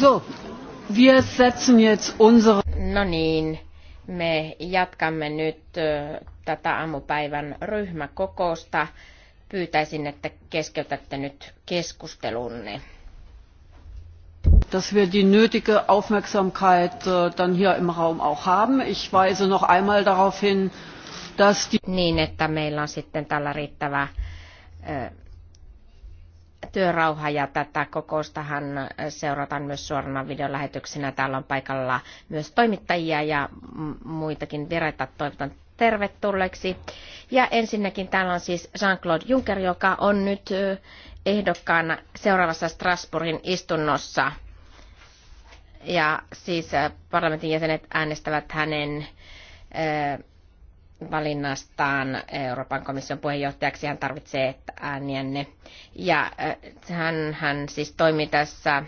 So, wir setzen jetzt unsere... No niin, me jatkamme nyt tätä aamupäivän ryhmäkokousta. Pyytäisin, että keskeytätte nyt keskustelunne. Dass wir die nötige Aufmerksamkeit äh, dann hier im Raum auch haben. Ich weise noch einmal darauf hin, dass die... Niin, että meillä on sitten tällä riittävä äh, työrauha ja tätä kokoustahan seurataan myös suorana videolähetyksenä. Täällä on paikalla myös toimittajia ja muitakin vireitä. Toivotan tervetulleeksi. Ja ensinnäkin täällä on siis Jean-Claude Juncker, joka on nyt ehdokkaana seuraavassa Strasbourgin istunnossa. Ja siis parlamentin jäsenet äänestävät hänen valinnastaan Euroopan komission puheenjohtajaksi. Hän tarvitsee ääniänne. Ja hän, hän siis toimii tässä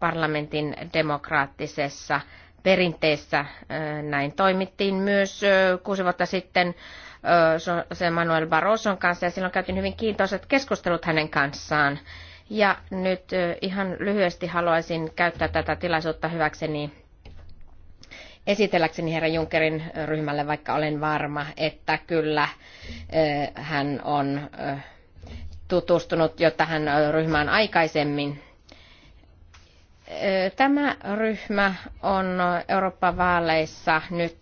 parlamentin demokraattisessa perinteessä. Näin toimittiin myös kuusi vuotta sitten se Manuel Barroson kanssa ja silloin käytiin hyvin kiintoiset keskustelut hänen kanssaan. Ja nyt ihan lyhyesti haluaisin käyttää tätä tilaisuutta hyväkseni esitelläkseni herra Junckerin ryhmälle, vaikka olen varma, että kyllä hän on tutustunut jo tähän ryhmään aikaisemmin. Tämä ryhmä on Euroopan vaaleissa nyt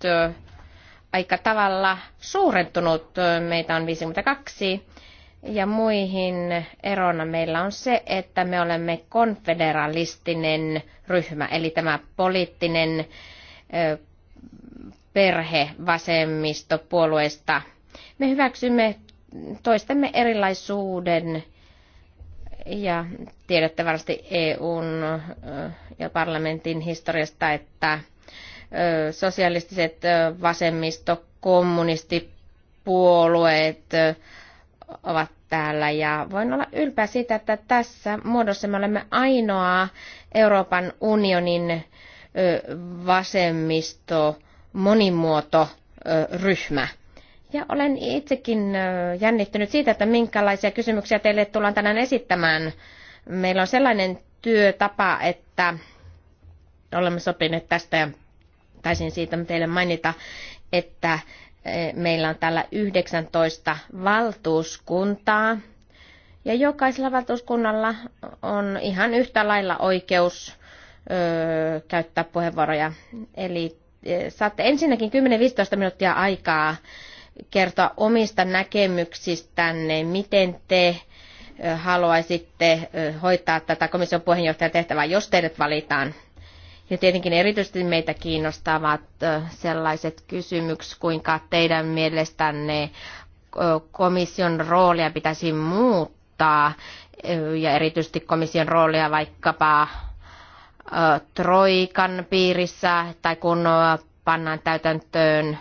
aika tavalla suurentunut. Meitä on 52 ja muihin erona meillä on se, että me olemme konfederalistinen ryhmä, eli tämä poliittinen perhevasemmistopuolueesta. Me hyväksymme toistemme erilaisuuden ja tiedätte varmasti EUn ja parlamentin historiasta, että sosialistiset vasemmisto, kommunistipuolueet ovat täällä ja voin olla ylpeä siitä, että tässä muodossa me olemme ainoa Euroopan unionin vasemmisto monimuoto ryhmä. Ja olen itsekin jännittynyt siitä, että minkälaisia kysymyksiä teille tullaan tänään esittämään. Meillä on sellainen työtapa, että olemme sopineet tästä ja taisin siitä teille mainita, että e, meillä on täällä 19 valtuuskuntaa ja jokaisella valtuuskunnalla on ihan yhtä lailla oikeus ö, käyttää puheenvuoroja. Eli saatte ensinnäkin 10-15 minuuttia aikaa kertoa omista näkemyksistänne, miten te haluaisitte hoitaa tätä komission puheenjohtajan tehtävää, jos teidät valitaan. Ja tietenkin erityisesti meitä kiinnostavat sellaiset kysymykset, kuinka teidän mielestänne komission roolia pitäisi muuttaa ja erityisesti komission roolia vaikkapa Troikan piirissä tai kun pannaan täytäntöön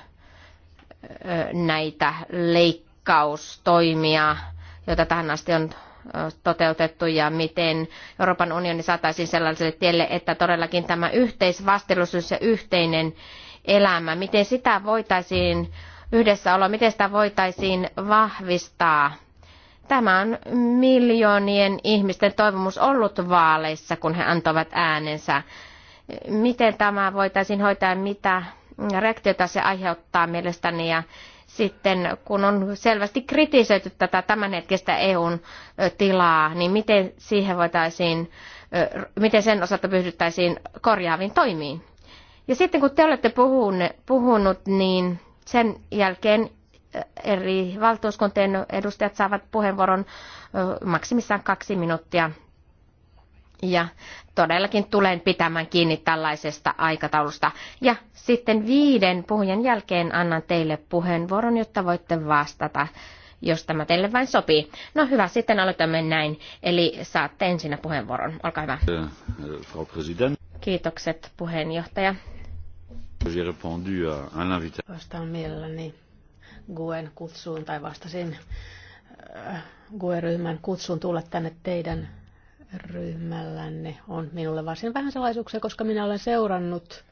näitä leikkaustoimia, joita tähän asti on toteutettu ja miten Euroopan unioni saataisiin sellaiselle tielle, että todellakin tämä yhteisvastuullisuus ja yhteinen elämä, miten sitä voitaisiin yhdessä olla, miten sitä voitaisiin vahvistaa Tämä on miljoonien ihmisten toivomus ollut vaaleissa, kun he antoivat äänensä. Miten tämä voitaisiin hoitaa, mitä reaktiota se aiheuttaa mielestäni ja sitten kun on selvästi kritisoitu tätä tämänhetkistä EUn tilaa, niin miten siihen voitaisiin, miten sen osalta pyhdyttäisiin korjaaviin toimiin? Ja sitten kun te olette puhunut niin sen jälkeen eri valtuuskuntien edustajat saavat puheenvuoron maksimissaan kaksi minuuttia. Ja todellakin tulen pitämään kiinni tällaisesta aikataulusta. Ja sitten viiden puhujan jälkeen annan teille puheenvuoron, jotta voitte vastata, jos tämä teille vain sopii. No hyvä, sitten aloitamme näin. Eli saatte ensin puheenvuoron. Olkaa hyvä. Eh, eh, Kiitokset puheenjohtaja. Vastaan mielelläni Guen kutsuun tai vastasin äh, GUE-ryhmän kutsuun tulla tänne teidän ryhmällänne on minulle varsin vähän salaisuuksia, koska minä olen seurannut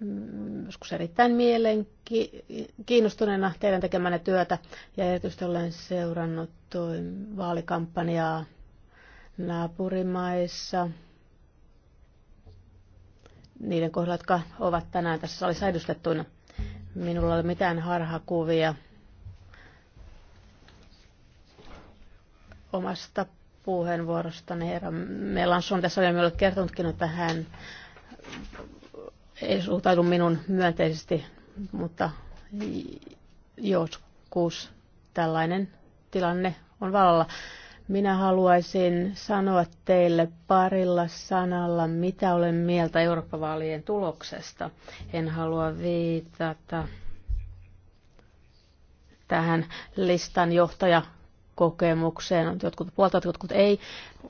mm, joskus erittäin mielenkiinnostuneena teidän tekemänne työtä ja erityisesti olen seurannut vaalikampanjaa naapurimaissa niiden kohdalla, jotka ovat tänään tässä salissa edustettuina. Minulla ei ole mitään harhakuvia omasta puheenvuorostani. Herra Melanson tässä oli minulle kertonutkin, että hän ei suhtaudu minun myönteisesti, mutta joskus tällainen tilanne on vallalla. Minä haluaisin sanoa teille parilla sanalla, mitä olen mieltä Eurooppa-vaalien tuloksesta. En halua viitata tähän listan johtaja kokemukseen. Jotkut puoltavat, jotkut ei.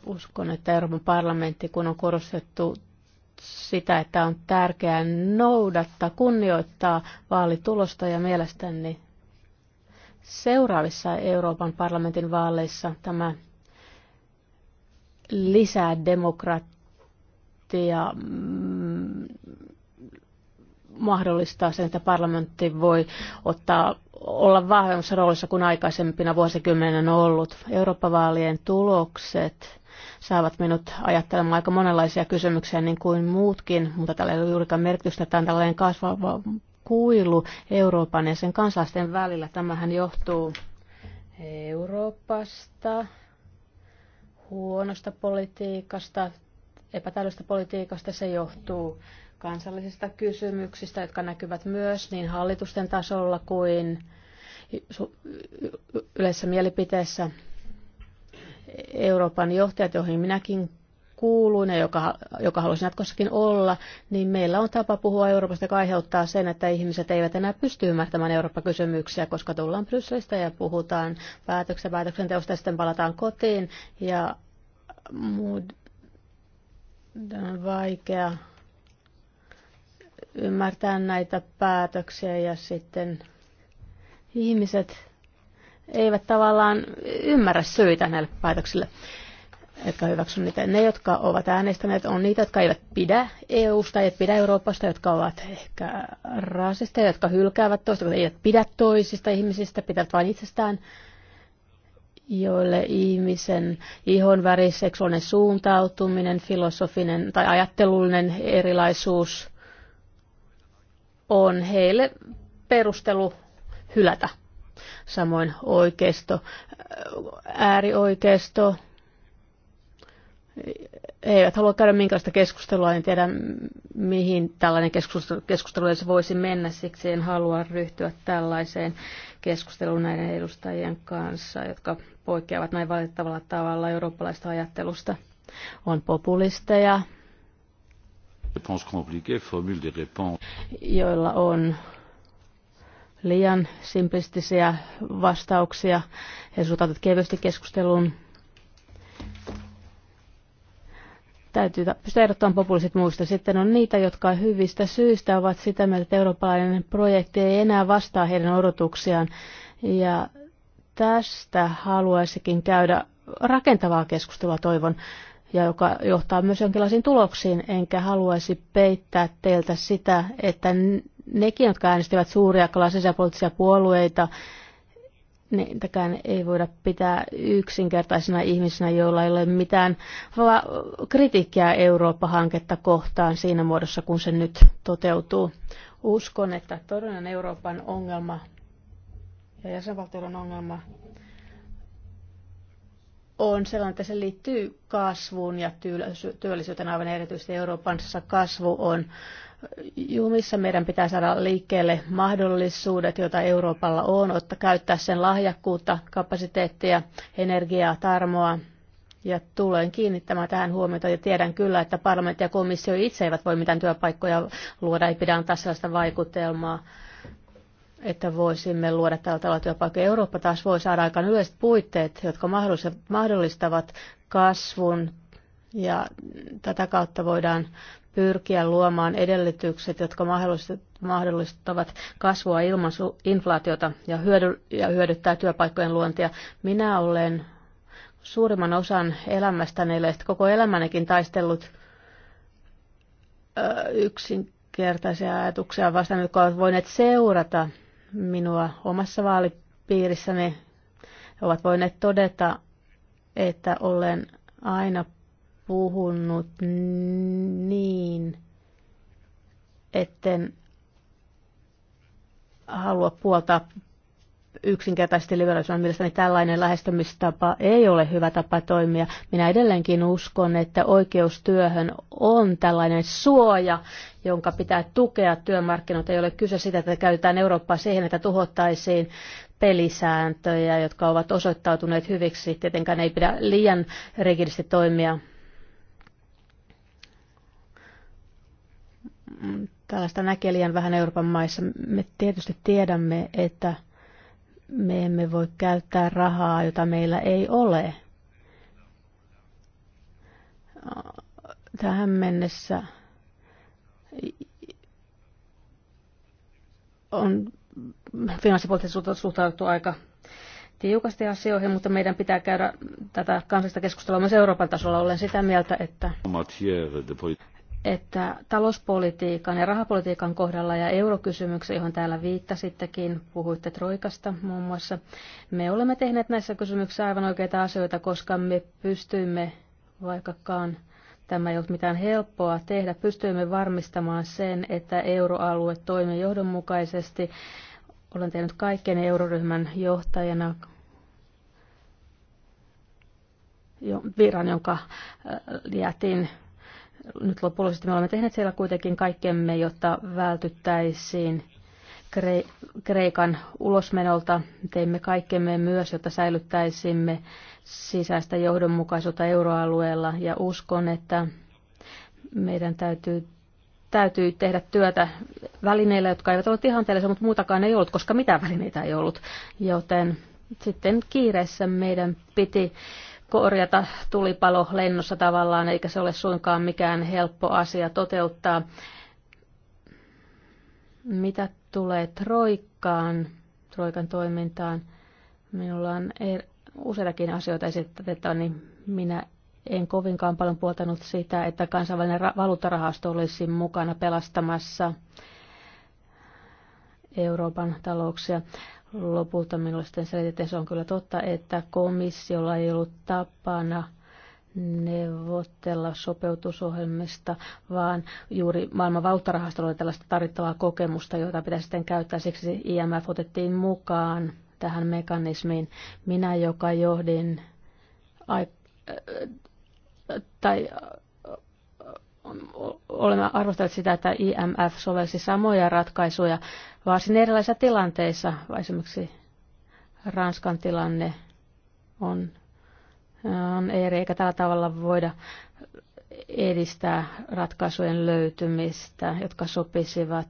Uskon, että Euroopan parlamentti, kun on korostettu sitä, että on tärkeää noudattaa, kunnioittaa vaalitulosta ja mielestäni Seuraavissa Euroopan parlamentin vaaleissa tämä lisää demokratia mm, mahdollistaa sen, että parlamentti voi ottaa olla vahvemmassa roolissa kuin aikaisempina vuosikymmenen on ollut. Eurooppavaalien tulokset saavat minut ajattelemaan aika monenlaisia kysymyksiä niin kuin muutkin, mutta tällä ei ole juurikaan merkitystä. Tämä on tällainen kasvava kuilu Euroopan ja sen kansalaisten välillä. Tämähän johtuu Euroopasta, huonosta politiikasta, epätäydellisestä politiikasta. Se johtuu kansallisista kysymyksistä, jotka näkyvät myös niin hallitusten tasolla kuin yleisessä mielipiteessä Euroopan johtajat, joihin minäkin kuuluin ja joka, joka haluaisi jatkossakin olla, niin meillä on tapa puhua Euroopasta, joka aiheuttaa sen, että ihmiset eivät enää pysty ymmärtämään Eurooppa-kysymyksiä, koska tullaan Brysselistä ja puhutaan päätöksen päätöksenteosta ja sitten palataan kotiin ja muud, on vaikea ymmärtää näitä päätöksiä ja sitten ihmiset eivät tavallaan ymmärrä syitä näille päätöksille jotka hyväksyvät niitä. Ne, jotka ovat äänestäneet, on niitä, jotka eivät pidä EU-sta, eivät pidä Euroopasta, jotka ovat ehkä rasista, jotka hylkäävät toista, jotka eivät pidä toisista ihmisistä, pitävät vain itsestään joille ihmisen ihon väri, seksuaalinen suuntautuminen, filosofinen tai ajattelullinen erilaisuus on heille perustelu hylätä. Samoin oikeisto, äärioikeisto, eivät halua käydä minkälaista keskustelua, en tiedä mihin tällainen keskustelu, keskustelu voisi mennä, siksi en halua ryhtyä tällaiseen keskusteluun näiden edustajien kanssa, jotka poikkeavat näin valitettavalla tavalla eurooppalaista ajattelusta. On populisteja, joilla on liian simplistisiä vastauksia. He suhtautuvat kevyesti keskusteluun Täytyy pystyä erottamaan populistit muista. Sitten on niitä, jotka hyvistä syistä ovat sitä mieltä, että eurooppalainen projekti ei enää vastaa heidän odotuksiaan. Ja tästä haluaisikin käydä rakentavaa keskustelua, toivon, ja joka johtaa myös jonkinlaisiin tuloksiin, enkä haluaisi peittää teiltä sitä, että nekin, jotka äänestivät suuria poliittisia puolueita, niitäkään ei voida pitää yksinkertaisina ihmisenä, joilla ei ole mitään kritiikkiä Eurooppa-hanketta kohtaan siinä muodossa, kun se nyt toteutuu. Uskon, että todellinen Euroopan ongelma ja jäsenvaltioiden ongelma on sellainen, että se liittyy kasvuun ja työllisyyteen aivan erityisesti Euroopassa kasvu on jumissa. Meidän pitää saada liikkeelle mahdollisuudet, joita Euroopalla on, ottaa käyttää sen lahjakkuutta, kapasiteettia, energiaa, tarmoa, ja tulen kiinnittämään tähän huomiota ja tiedän kyllä, että parlamentti ja komissio itse eivät voi mitään työpaikkoja luoda, ei pidä antaa sellaista vaikutelmaa että voisimme luoda tällä tavalla työpaikkoja. Eurooppa taas voi saada aika yleiset puitteet, jotka mahdollistavat kasvun ja tätä kautta voidaan pyrkiä luomaan edellytykset, jotka mahdollistavat kasvua ilman inflaatiota ja, hyödy- ja hyödyttää työpaikkojen luontia. Minä olen suurimman osan elämästäni, koko elämänikin taistellut yksinkertaisia ajatuksia vastaan, jotka ovat voineet seurata minua omassa vaalipiirissäni ovat voineet todeta, että olen aina puhunut niin, etten halua puoltaa yksinkertaisesti liberalismin mielestäni tällainen lähestymistapa ei ole hyvä tapa toimia. Minä edelleenkin uskon, että oikeus työhön on tällainen suoja, jonka pitää tukea työmarkkinoita. Ei ole kyse siitä, että käytetään Eurooppaa siihen, että tuhottaisiin pelisääntöjä, jotka ovat osoittautuneet hyviksi. Tietenkään ei pidä liian rigidisti toimia tällaista näkee liian vähän Euroopan maissa. Me tietysti tiedämme, että me emme voi käyttää rahaa, jota meillä ei ole. Tähän mennessä on finanssipoliittisesti suhtauduttu aika tiukasti asioihin, mutta meidän pitää käydä tätä kansallista keskustelua myös Euroopan tasolla. Olen sitä mieltä, että että talouspolitiikan ja rahapolitiikan kohdalla ja eurokysymyksen, johon täällä viittasittekin, puhuitte Troikasta muun muassa, me olemme tehneet näissä kysymyksissä aivan oikeita asioita, koska me pystyimme, vaikkakaan tämä ei ollut mitään helppoa tehdä, pystyimme varmistamaan sen, että euroalue toimii johdonmukaisesti. Olen tehnyt kaikkien euroryhmän johtajana viran, jonka äh, jätin nyt lopullisesti me olemme tehneet siellä kuitenkin kaikkemme, jotta vältyttäisiin Kreikan ulosmenolta. Teimme kaikkemme myös, jotta säilyttäisimme sisäistä johdonmukaisuutta euroalueella ja uskon, että meidän täytyy täytyy tehdä työtä välineillä, jotka eivät ole ihanteellisia, mutta muutakaan ei ollut, koska mitään välineitä ei ollut. Joten sitten kiireessä meidän piti korjata tulipalo lennossa tavallaan, eikä se ole suinkaan mikään helppo asia toteuttaa. Mitä tulee Troikkaan, Troikan toimintaan, minulla on er- useitakin asioita esitettävä, niin minä en kovinkaan paljon puoltanut sitä, että kansainvälinen ra- valuuttarahasto olisi mukana pelastamassa Euroopan talouksia. Lopulta minulle sitten selitettiin, se on kyllä totta, että komissiolla ei ollut tapana neuvotella sopeutusohjelmista, vaan juuri maailman valuuttarahastolla oli tällaista tarvittavaa kokemusta, jota pitäisi sitten käyttää. Siksi IMF otettiin mukaan tähän mekanismiin. Minä, joka johdin ai- äh, tai olemme arvostaneet sitä, että IMF sovelsi samoja ratkaisuja varsin erilaisissa tilanteissa. Esimerkiksi Ranskan tilanne on, on eri, eikä tällä tavalla voida edistää ratkaisujen löytymistä, jotka sopisivat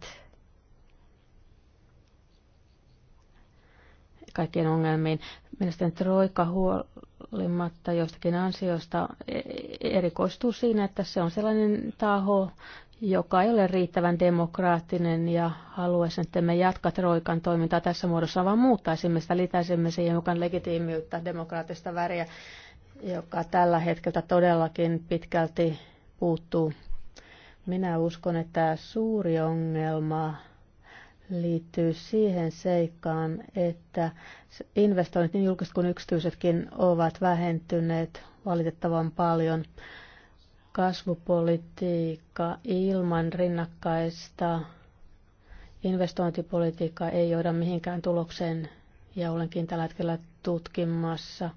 kaikkien ongelmiin. Mielestäni Troika huol- huolimatta joistakin ansiosta e, erikoistuu siinä, että se on sellainen taho, joka ei ole riittävän demokraattinen ja haluaisi, että me jatka Troikan toimintaa tässä muodossa, vaan muuttaisimme sitä, lisäisimme siihen mukaan legitiimiyttä, demokraattista väriä, joka tällä hetkellä todellakin pitkälti puuttuu. Minä uskon, että suuri ongelma liittyy siihen seikkaan, että investoinnit niin julkiset kuin yksityisetkin ovat vähentyneet valitettavan paljon. Kasvupolitiikka ilman rinnakkaista investointipolitiikkaa ei johda mihinkään tulokseen ja olenkin tällä hetkellä tutkimassa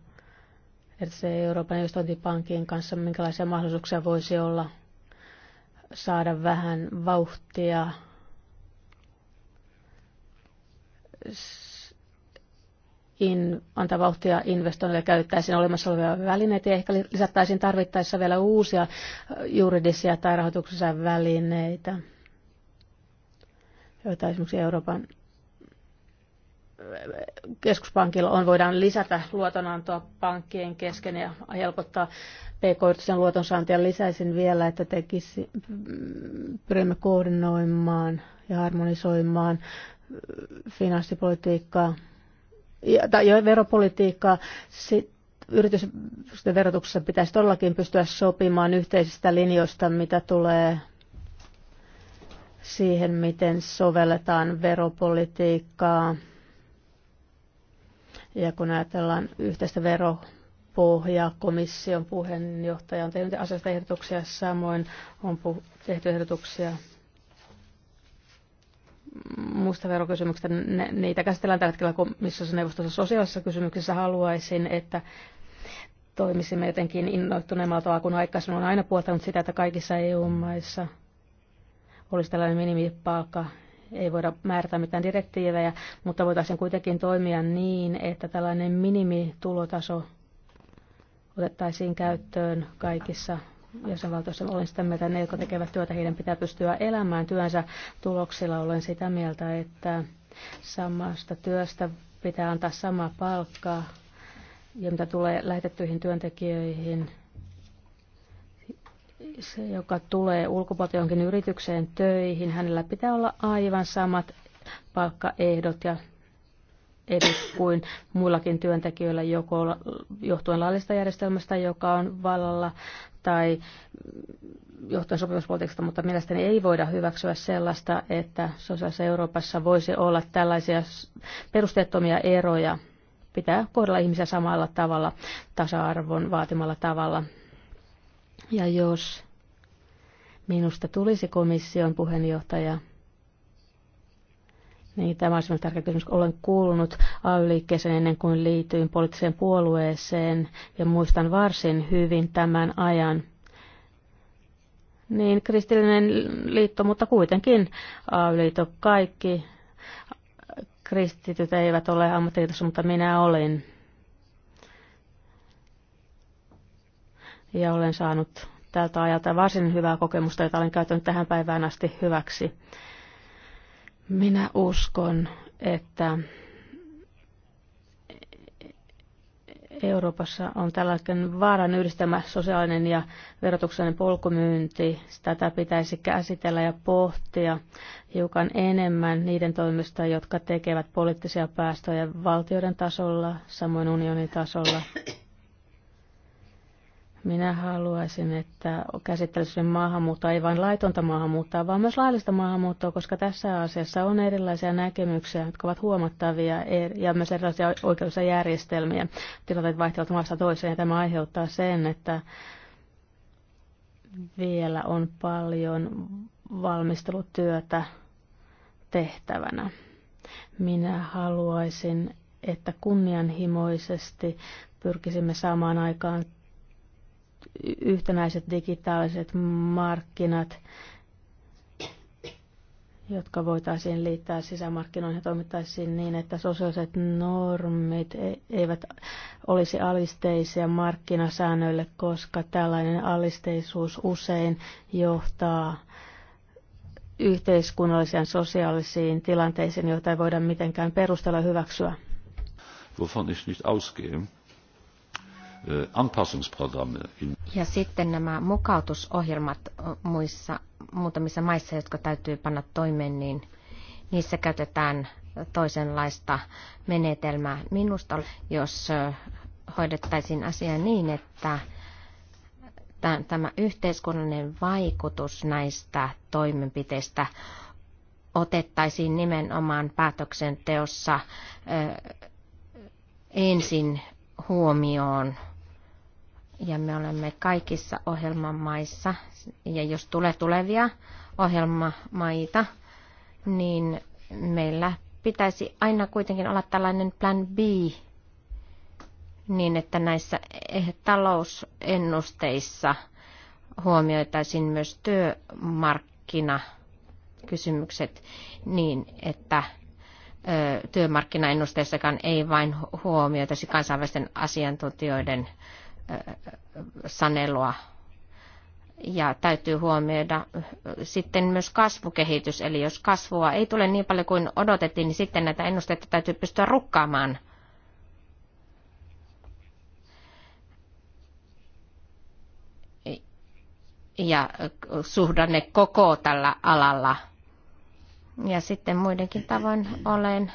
että se Euroopan investointipankin kanssa, minkälaisia mahdollisuuksia voisi olla saada vähän vauhtia in, antaa vauhtia investoinnille käyttäisiin olemassa olevia välineitä ja ehkä lisättäisiin tarvittaessa vielä uusia juridisia tai rahoituksessa välineitä, joita esimerkiksi Euroopan keskuspankilla on, voidaan lisätä luotonantoa pankkien kesken ja helpottaa pk-yritysten luotonsaantia. Lisäisin vielä, että tekisi, pyrimme koordinoimaan ja harmonisoimaan finanssipolitiikkaa tai veropolitiikkaa. Sitten yritysten verotuksessa pitäisi todellakin pystyä sopimaan yhteisistä linjoista, mitä tulee siihen, miten sovelletaan veropolitiikkaa. Ja kun ajatellaan yhteistä veropohjaa, komission puheenjohtaja on tehnyt asiasta ehdotuksia, samoin on tehty ehdotuksia musta verokysymyksistä. Ne, niitä käsitellään tällä hetkellä komissiossa neuvostossa sosiaalisessa kysymyksessä. Haluaisin, että toimisimme jotenkin innoittuneemmalla tavalla kun aikaisemmin. on aina puoltanut sitä, että kaikissa EU-maissa olisi tällainen minimipalkka. Ei voida määrätä mitään direktiivejä, mutta voitaisiin kuitenkin toimia niin, että tällainen minimitulotaso otettaisiin käyttöön kaikissa jäsenvaltioissa. Olen sitä mieltä, että ne, jotka tekevät työtä, heidän pitää pystyä elämään työnsä tuloksilla. Olen sitä mieltä, että samasta työstä pitää antaa sama palkka. Ja mitä tulee lähetettyihin työntekijöihin, se, joka tulee ulkopuolelta jonkin yritykseen töihin, hänellä pitää olla aivan samat palkkaehdot ja eri kuin muillakin työntekijöillä, joko johtuen laillista järjestelmästä, joka on vallalla, tai johtuen sopimuspolitiikasta, mutta mielestäni ei voida hyväksyä sellaista, että sosiaalisessa Euroopassa voisi olla tällaisia perusteettomia eroja. Pitää kohdella ihmisiä samalla tavalla, tasa-arvon vaatimalla tavalla. Ja jos minusta tulisi komission puheenjohtaja, niin, tämä on tärkeä kysymys. Olen kuulunut AY-liikkeeseen ennen kuin liityin poliittiseen puolueeseen ja muistan varsin hyvin tämän ajan. Niin, kristillinen liitto, mutta kuitenkin AY-liitto kaikki. Kristityt eivät ole ammattiliitossa, mutta minä olin. Ja olen saanut tältä ajalta varsin hyvää kokemusta, jota olen käyttänyt tähän päivään asti hyväksi minä uskon, että Euroopassa on tällainen vaaran yhdistämä sosiaalinen ja verotuksellinen polkumyynti. Tätä pitäisi käsitellä ja pohtia hiukan enemmän niiden toimista, jotka tekevät poliittisia päästöjä valtioiden tasolla, samoin unionin tasolla. Minä haluaisin, että käsittelyssä maahanmuuttoa ei vain laitonta maahanmuuttoa, vaan myös laillista maahanmuuttoa, koska tässä asiassa on erilaisia näkemyksiä, jotka ovat huomattavia er- ja myös erilaisia oikeudellisia järjestelmiä. Tilanteet vaihtelevat maasta toiseen ja tämä aiheuttaa sen, että vielä on paljon valmistelutyötä tehtävänä. Minä haluaisin, että kunnianhimoisesti pyrkisimme saamaan aikaan yhtenäiset digitaaliset markkinat, jotka voitaisiin liittää sisämarkkinoihin ja toimittaisiin niin, että sosiaaliset normit e- eivät olisi alisteisia markkinasäännöille, koska tällainen alisteisuus usein johtaa yhteiskunnallisiin sosiaalisiin tilanteisiin, joita ei voida mitenkään perustella hyväksyä. Wovon ich nicht ausgehe Eh, ja sitten nämä mukautusohjelmat muissa, muutamissa maissa, jotka täytyy panna toimeen, niin niissä käytetään toisenlaista menetelmää. Minusta jos hoidettaisiin asia niin, että tämä yhteiskunnallinen vaikutus näistä toimenpiteistä otettaisiin nimenomaan päätöksenteossa ensin huomioon ja me olemme kaikissa ohjelmamaissa, ja jos tulee tulevia ohjelmamaita, niin meillä pitäisi aina kuitenkin olla tällainen plan B, niin että näissä eh, talousennusteissa huomioitaisiin myös työmarkkinakysymykset niin, että työmarkkinaennusteissakaan ei vain huomioitaisi kansainvälisten asiantuntijoiden sanelua ja täytyy huomioida sitten myös kasvukehitys. Eli jos kasvua ei tule niin paljon kuin odotettiin, niin sitten näitä ennusteita täytyy pystyä rukkaamaan. Ja suhdanne koko tällä alalla. Ja sitten muidenkin tavoin olen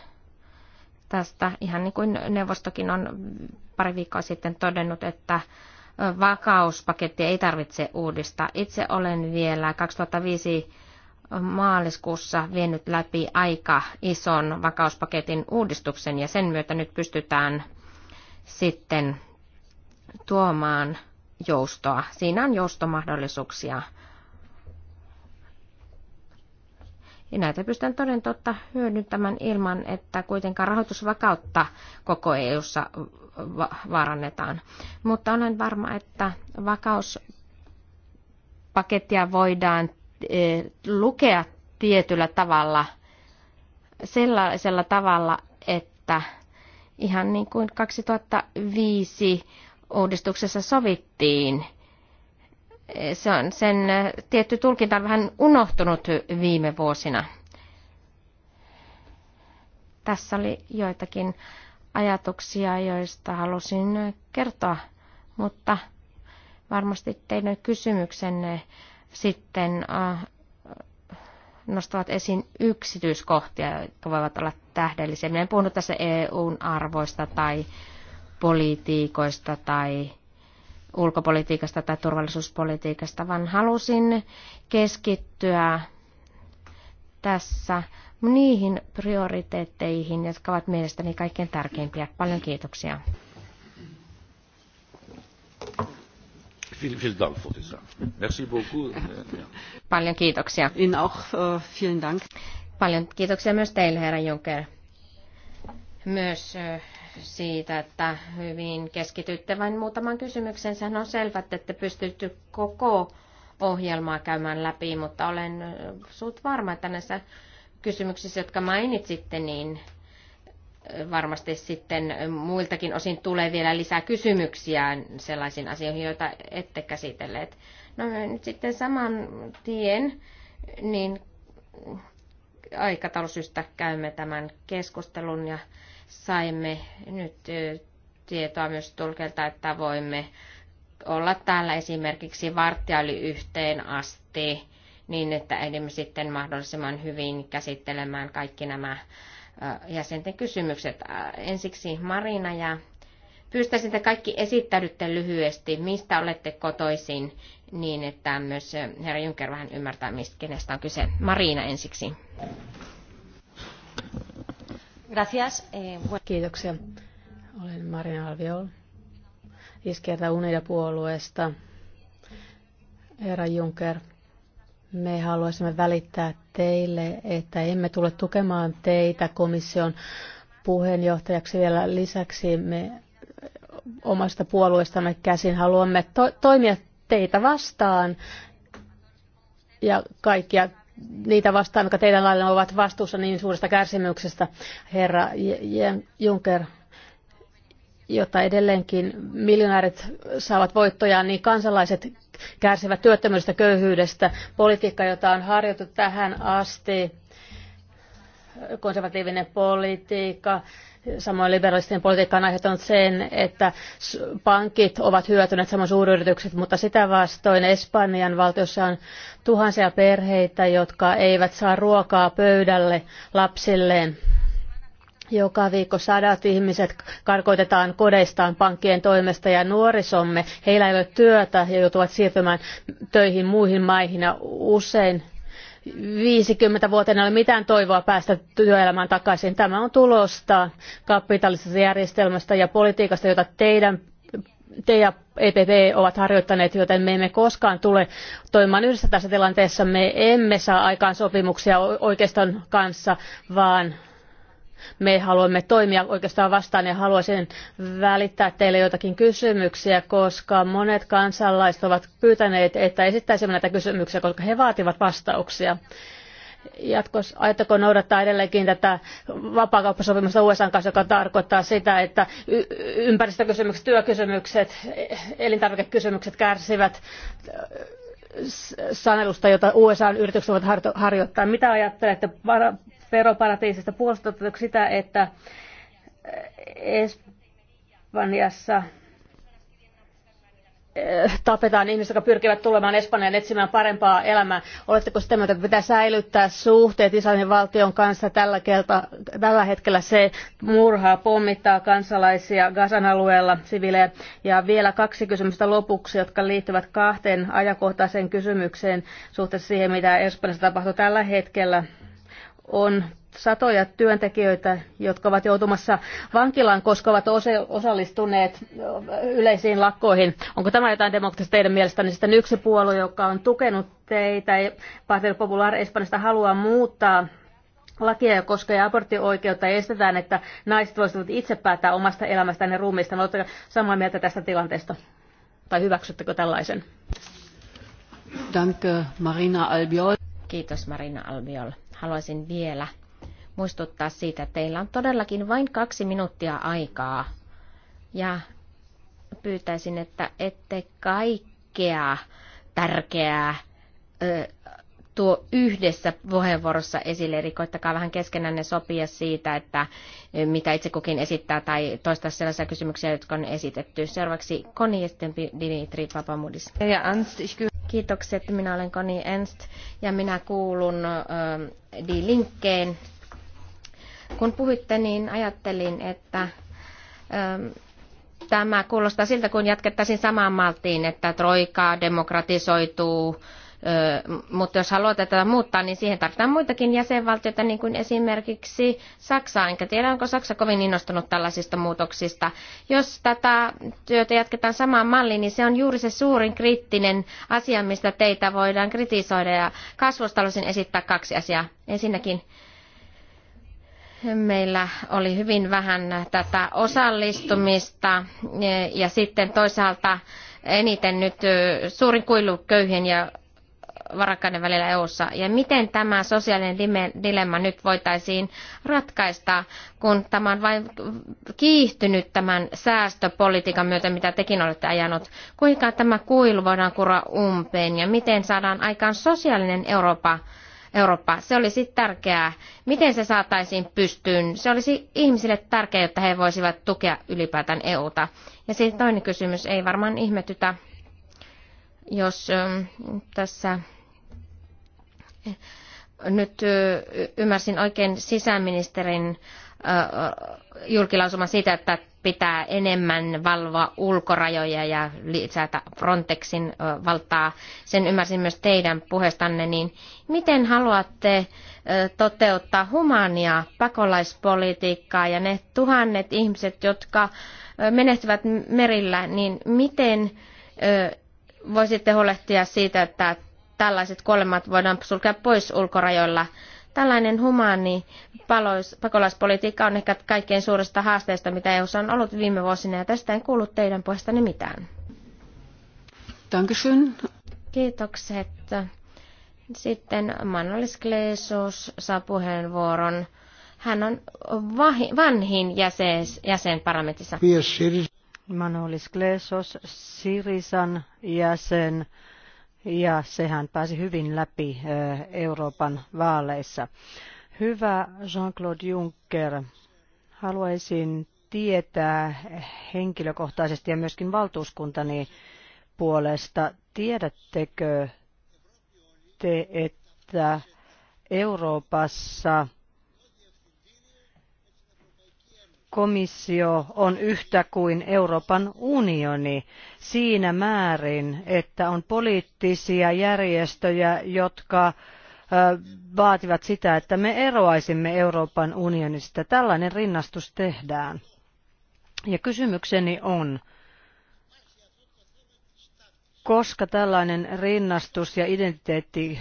tästä, ihan niin kuin neuvostokin on pari viikkoa sitten todennut, että vakauspaketti ei tarvitse uudistaa. Itse olen vielä 2005 maaliskuussa vienyt läpi aika ison vakauspaketin uudistuksen ja sen myötä nyt pystytään sitten tuomaan joustoa. Siinä on joustomahdollisuuksia Ja näitä pystytään toden totta hyödyntämään ilman, että kuitenkaan rahoitusvakautta koko EUssa va- vaarannetaan. Mutta olen varma, että vakauspakettia voidaan e, lukea tietyllä tavalla, sellaisella tavalla, että ihan niin kuin 2005 uudistuksessa sovittiin, se on, sen eh, tietty tulkinta on vähän unohtunut viime vuosina. Tässä oli joitakin ajatuksia, joista halusin kertoa, mutta varmasti teidän kysymyksenne sitten ah, nostavat esiin yksityiskohtia, jotka voivat olla tähdellisiä. Minä en puhunut tässä EUn arvoista tai politiikoista tai ulkopolitiikasta tai turvallisuuspolitiikasta, vaan halusin keskittyä tässä niihin prioriteetteihin, jotka ovat mielestäni kaikkein tärkeimpiä. Paljon kiitoksia. Paljon kiitoksia. Äh, Paljon kiitoksia myös teille, herra Juncker. Myös äh, siitä, että hyvin keskitytte vain muutaman kysymyksen. Sehän on selvä, että ette pystytty koko ohjelmaa käymään läpi, mutta olen suut varma, että näissä kysymyksissä, jotka mainitsitte, niin varmasti sitten muiltakin osin tulee vielä lisää kysymyksiä sellaisiin asioihin, joita ette käsitelleet. No nyt sitten saman tien, niin aikataulusystä käymme tämän keskustelun ja saimme nyt tietoa myös tulkelta, että voimme olla täällä esimerkiksi varttia yli yhteen asti, niin että edimme sitten mahdollisimman hyvin käsittelemään kaikki nämä jäsenten kysymykset. Ensiksi Marina ja pyystäisin, että kaikki esittäydytte lyhyesti, mistä olette kotoisin, niin että myös herra Juncker vähän ymmärtää, mistä kenestä on kyse. Marina ensiksi. Gracias. Eh, Kiitoksia. Olen Marina Alviol Iskertä Unida-puolueesta. Herra Juncker, me haluaisimme välittää teille, että emme tule tukemaan teitä komission puheenjohtajaksi vielä lisäksi. Me omasta puolueestamme käsin haluamme to- toimia teitä vastaan ja kaikkia niitä vastaan, jotka teidän lailla ovat vastuussa niin suuresta kärsimyksestä, herra Juncker, jotta edelleenkin miljonäärit saavat voittoja, niin kansalaiset kärsivät työttömyydestä, köyhyydestä. Politiikka, jota on harjoitettu tähän asti, konservatiivinen politiikka, samoin liberalistien politiikka on aiheuttanut sen, että pankit ovat hyötyneet samoin suuryritykset, mutta sitä vastoin Espanjan valtiossa on tuhansia perheitä, jotka eivät saa ruokaa pöydälle lapsilleen. Joka viikko sadat ihmiset karkoitetaan kodeistaan pankkien toimesta ja nuorisomme, heillä ei ole työtä ja joutuvat siirtymään töihin muihin maihin ja usein 50 vuotena ei ole mitään toivoa päästä työelämään takaisin. Tämä on tulosta kapitalistisesta järjestelmästä ja politiikasta, jota teidän te ja EPP ovat harjoittaneet, joten me emme koskaan tule toimimaan yhdessä tässä tilanteessa. Me emme saa aikaan sopimuksia oikeiston kanssa, vaan me haluamme toimia oikeastaan vastaan ja haluaisin välittää teille joitakin kysymyksiä, koska monet kansalaiset ovat pyytäneet, että esittäisimme näitä kysymyksiä, koska he vaativat vastauksia. Jatkos, ajatteko noudattaa edelleenkin tätä vapaakauppasopimusta USA kanssa, joka tarkoittaa sitä, että y- ympäristökysymykset, työkysymykset, elintarvikekysymykset kärsivät sanelusta, jota USA-yritykset voivat harjoittaa. Mitä ajattelette veroparatiisista. puolustettu sitä, että eh, Espanjassa eh, tapetaan ihmisiä, jotka pyrkivät tulemaan Espanjaan etsimään parempaa elämää. Oletteko sitä mieltä, että pitää säilyttää suhteet Islannin valtion kanssa tällä, kelta, tällä hetkellä se murhaa, pommittaa kansalaisia Gazan alueella sivilejä. Ja vielä kaksi kysymystä lopuksi, jotka liittyvät kahteen ajankohtaiseen kysymykseen suhteessa siihen, mitä Espanjassa tapahtuu tällä hetkellä on satoja työntekijöitä, jotka ovat joutumassa vankilaan, koska ovat osallistuneet yleisiin lakkoihin. Onko tämä jotain demokratista teidän mielestänne? Niin sitten yksi puolue, joka on tukenut teitä, Partido Popular Espanjasta, haluaa muuttaa lakia, joka koskee aborttioikeutta ja estetään, että naiset voisivat itse päättää omasta elämästään ja ruumiistaan. Oletteko samaa mieltä tästä tilanteesta? Tai hyväksyttekö tällaisen? Danke, Marina Albiol. Kiitos Marina Albiol haluaisin vielä muistuttaa siitä, että teillä on todellakin vain kaksi minuuttia aikaa. Ja pyytäisin, että ette kaikkea tärkeää ö, tuo yhdessä puheenvuorossa esille, eli koittakaa vähän keskenänne sopia siitä, että mitä itse kukin esittää tai toistaa sellaisia kysymyksiä, jotka on esitetty. Seuraavaksi Koni ja Dimitri Papamudis. Ja Ernst, ich Kiitokset, minä olen Koni Enst ja minä kuulun D-linkkeen. Kun puhuitte, niin ajattelin, että tämä kuulostaa siltä, kun jatkettaisiin samaan maltiin, että troika demokratisoituu, mutta jos haluaa tätä muuttaa, niin siihen tarvitaan muitakin jäsenvaltioita, niin kuin esimerkiksi Saksa. Enkä tiedä, onko Saksa kovin innostunut tällaisista muutoksista. Jos tätä työtä jatketaan samaan malliin, niin se on juuri se suurin kriittinen asia, mistä teitä voidaan kritisoida. Ja kasvusta haluaisin esittää kaksi asiaa. Ensinnäkin meillä oli hyvin vähän tätä osallistumista e, ja sitten toisaalta eniten nyt e, suurin kuilu köyhien ja varakkaiden välillä EU:ssa ja miten tämä sosiaalinen dilemma nyt voitaisiin ratkaista, kun tämä on vain kiihtynyt tämän säästöpolitiikan myötä, mitä tekin olette ajanut. Kuinka tämä kuilu voidaan kuraa umpeen ja miten saadaan aikaan sosiaalinen Eurooppa? Eurooppa, se olisi tärkeää. Miten se saataisiin pystyyn? Se olisi ihmisille tärkeää, jotta he voisivat tukea ylipäätään EUta. Ja sitten toinen kysymys, ei varmaan ihmetytä, jos tässä nyt ymmärsin oikein sisäministerin julkilausuma siitä, että pitää enemmän valvoa ulkorajoja ja lisätä Frontexin valtaa. Sen ymmärsin myös teidän puheestanne, niin miten haluatte toteuttaa humania pakolaispolitiikkaa ja ne tuhannet ihmiset, jotka menehtyvät merillä, niin miten voisitte huolehtia siitä, että tällaiset kuolemat voidaan sulkea pois ulkorajoilla. Tällainen humaani palois, pakolaispolitiikka on ehkä kaikkein suurista haasteista, mitä EU on ollut viime vuosina, ja tästä en kuullut teidän puheestanne mitään. Dankeschön. Kiitokset. Sitten Manolis Kleesus saa puheenvuoron. Hän on vahi, vanhin jäsen, jäsen parlamentissa. Manolis Kleesos, Sirisan jäsen ja sehän pääsi hyvin läpi Euroopan vaaleissa. Hyvä Jean-Claude Juncker, haluaisin tietää henkilökohtaisesti ja myöskin valtuuskuntani puolesta, tiedättekö te, että Euroopassa – komissio on yhtä kuin Euroopan unioni siinä määrin, että on poliittisia järjestöjä, jotka vaativat sitä, että me eroaisimme Euroopan unionista. Tällainen rinnastus tehdään. Ja kysymykseni on, koska tällainen rinnastus ja identiteetti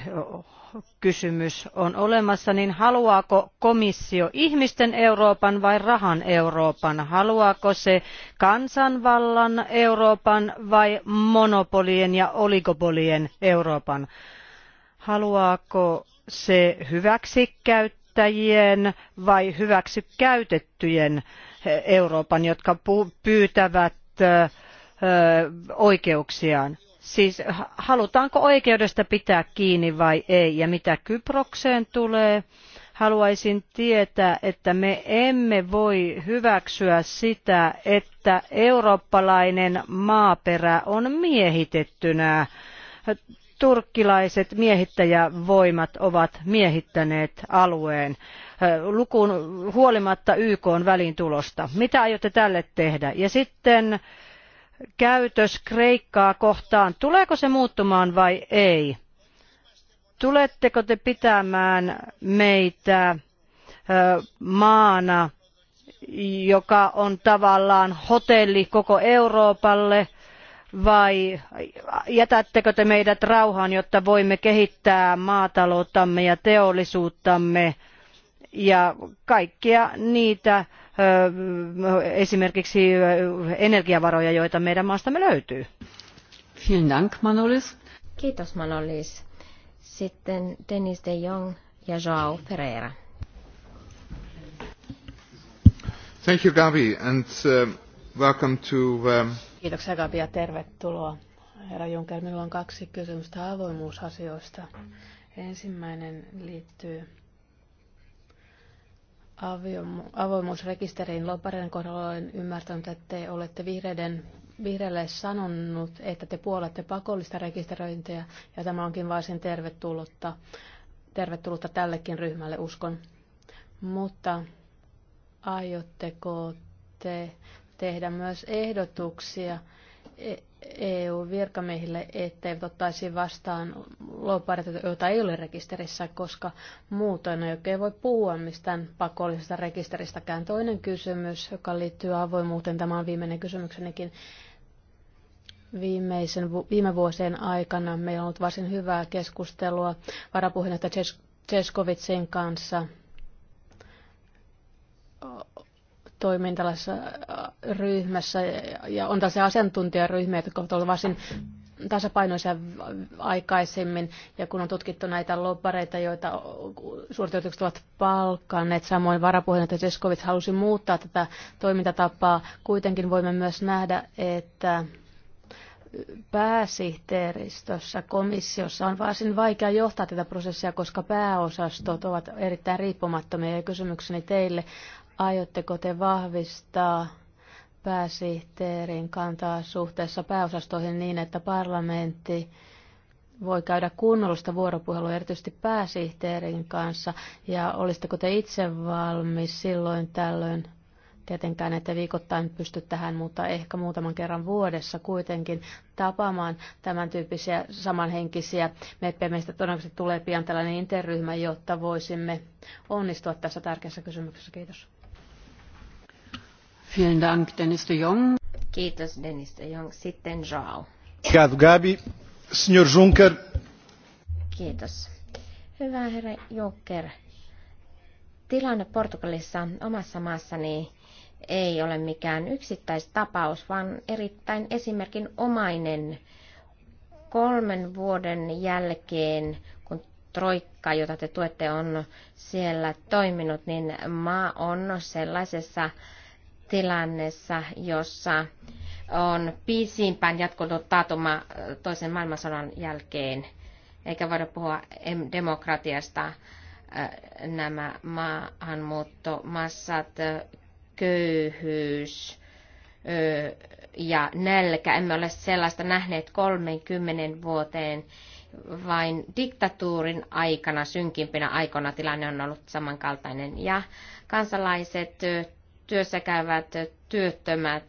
kysymys on olemassa, niin haluaako komissio ihmisten Euroopan vai rahan Euroopan? Haluaako se kansanvallan Euroopan vai monopolien ja oligopolien Euroopan? Haluaako se hyväksikäyttäjien vai hyväksikäytettyjen Euroopan, jotka pyytävät oikeuksiaan? Siis halutaanko oikeudesta pitää kiinni vai ei? Ja mitä Kyprokseen tulee, haluaisin tietää, että me emme voi hyväksyä sitä, että eurooppalainen maaperä on miehitettynä. Turkkilaiset miehittäjävoimat ovat miehittäneet alueen lukuun huolimatta YK on välintulosta. Mitä aiotte tälle tehdä? Ja sitten käytös Kreikkaa kohtaan, tuleeko se muuttumaan vai ei? Tuletteko te pitämään meitä maana, joka on tavallaan hotelli koko Euroopalle, vai jätättekö te meidät rauhaan, jotta voimme kehittää maatalouttamme ja teollisuuttamme ja kaikkia niitä esimerkiksi energiavaroja, joita meidän maastamme löytyy. Vielen Dank, Manolis. Kiitos, Manolis. Sitten Dennis de Jong ja Joao Ferreira. Thank you, Gabi, and uh, welcome to... Um... Kiitoksia, Gabi, ja tervetuloa. Herra Juncker, minulla on kaksi kysymystä avoimuusasioista. Ensimmäinen liittyy avoimuusrekisterin loparin kohdalla olen ymmärtänyt, että te olette vihreiden vihreille sanonut, että te puolette pakollista rekisteröintiä ja tämä onkin varsin tervetullutta, tervetullutta tällekin ryhmälle, uskon. Mutta aiotteko te tehdä myös ehdotuksia e- EU-virkamiehille, etteivät ottaisi vastaan loparit, joita ei ole rekisterissä, koska muutoin ei oikein voi puhua mistään pakollisesta rekisteristäkään. Toinen kysymys, joka liittyy avoimuuteen, tämä on viimeinen kysymyksenikin. Viimeisen, viime vuosien aikana meillä on ollut varsin hyvää keskustelua varapuheenjohtaja Českovitsin kanssa toimin tällaisessa äh, ryhmässä ja on tällaisia asiantuntijaryhmiä, jotka ovat olleet varsin tasapainoisia aikaisemmin ja kun on tutkittu näitä lobbareita, joita suurtyötykset ovat palkanneet, samoin varapuheenjohtaja Zeskovits halusi muuttaa tätä toimintatapaa. Kuitenkin voimme myös nähdä, että pääsihteeristössä komissiossa on varsin vaikea johtaa tätä prosessia, koska pääosastot ovat erittäin riippumattomia. Ja kysymykseni teille, Aiotteko te vahvistaa pääsihteerin kantaa suhteessa pääosastoihin niin, että parlamentti voi käydä kunnollista vuoropuhelua erityisesti pääsihteerin kanssa, ja olisitteko te itse valmis silloin tällöin, tietenkään että viikoittain pysty tähän, mutta ehkä muutaman kerran vuodessa kuitenkin tapaamaan tämän tyyppisiä samanhenkisiä. Meppejä meistä todennäköisesti tulee pian tällainen interryhmä, jotta voisimme onnistua tässä tärkeässä kysymyksessä. Kiitos. Vielen Dank, Dennis de Jong. Kiitos, Dennis de Jong. Sitten Joao. Gabi. Juncker. Kiitos. Hyvä herra Juncker. Tilanne Portugalissa omassa maassani ei ole mikään yksittäistapaus, vaan erittäin esimerkin omainen kolmen vuoden jälkeen, kun troikka, jota te tuette, on siellä toiminut, niin maa on sellaisessa tilannessa, jossa on pisimpään jatkunut taatuma toisen maailmansodan jälkeen, eikä voida puhua demokratiasta. Äh, nämä maahanmuuttomassat, äh, köyhyys äh, ja nälkä. Emme ole sellaista nähneet 30 vuoteen. Vain diktatuurin aikana, synkimpinä aikoina tilanne on ollut samankaltainen. Ja kansalaiset käyvät työttömät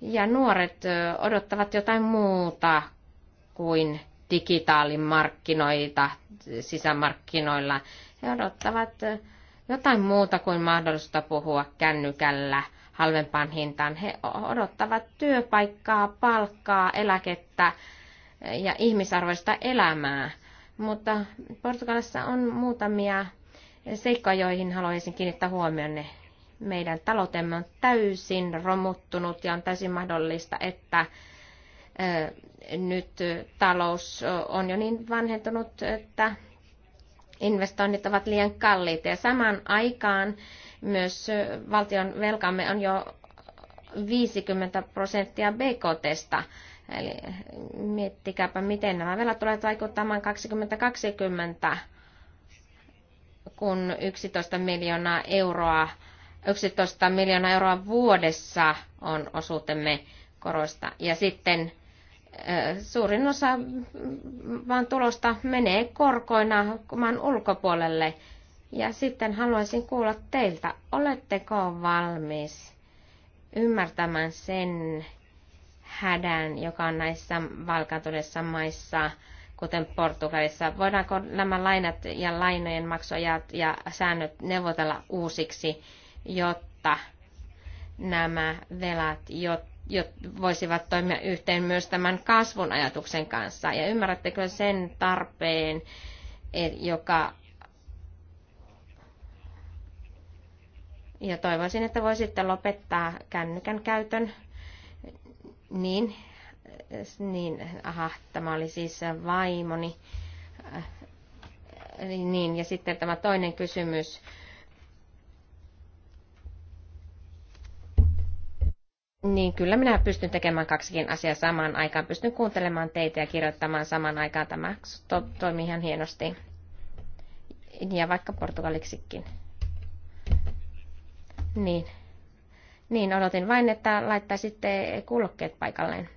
ja nuoret odottavat jotain muuta kuin digitaalimarkkinoita sisämarkkinoilla. He odottavat jotain muuta kuin mahdollisuutta puhua kännykällä halvempaan hintaan. He odottavat työpaikkaa, palkkaa, eläkettä ja ihmisarvoista elämää. Mutta Portugalissa on muutamia seikkoja, joihin haluaisin kiinnittää huomionne meidän taloutemme on täysin romuttunut ja on täysin mahdollista, että nyt talous on jo niin vanhentunut, että investoinnit ovat liian kalliita. Ja samaan aikaan myös valtion velkamme on jo 50 prosenttia BKTstä. Eli miettikääpä, miten nämä velat tulevat vaikuttamaan 2020, kun 11 miljoonaa euroa 11 miljoonaa euroa vuodessa on osuutemme koroista. Ja sitten suurin osa vaan tulosta menee korkoina maan ulkopuolelle. Ja sitten haluaisin kuulla teiltä, oletteko valmis ymmärtämään sen hädän, joka on näissä valkatuneissa maissa, kuten Portugalissa. Voidaanko nämä lainat ja lainojen maksajat ja säännöt neuvotella uusiksi jotta nämä velat jo, voisivat toimia yhteen myös tämän kasvun ajatuksen kanssa. Ja ymmärrättekö sen tarpeen, joka Ja toivoisin, että voisitte lopettaa kännykän käytön. Niin, niin aha, tämä oli siis vaimoni. Niin, ja sitten tämä toinen kysymys Niin kyllä minä pystyn tekemään kaksikin asiaa samaan aikaan. Pystyn kuuntelemaan teitä ja kirjoittamaan samaan aikaan. Tämä to- toimii ihan hienosti. Ja vaikka portugaliksikin. Niin. Niin, odotin vain, että laittaisitte kuulokkeet paikalleen.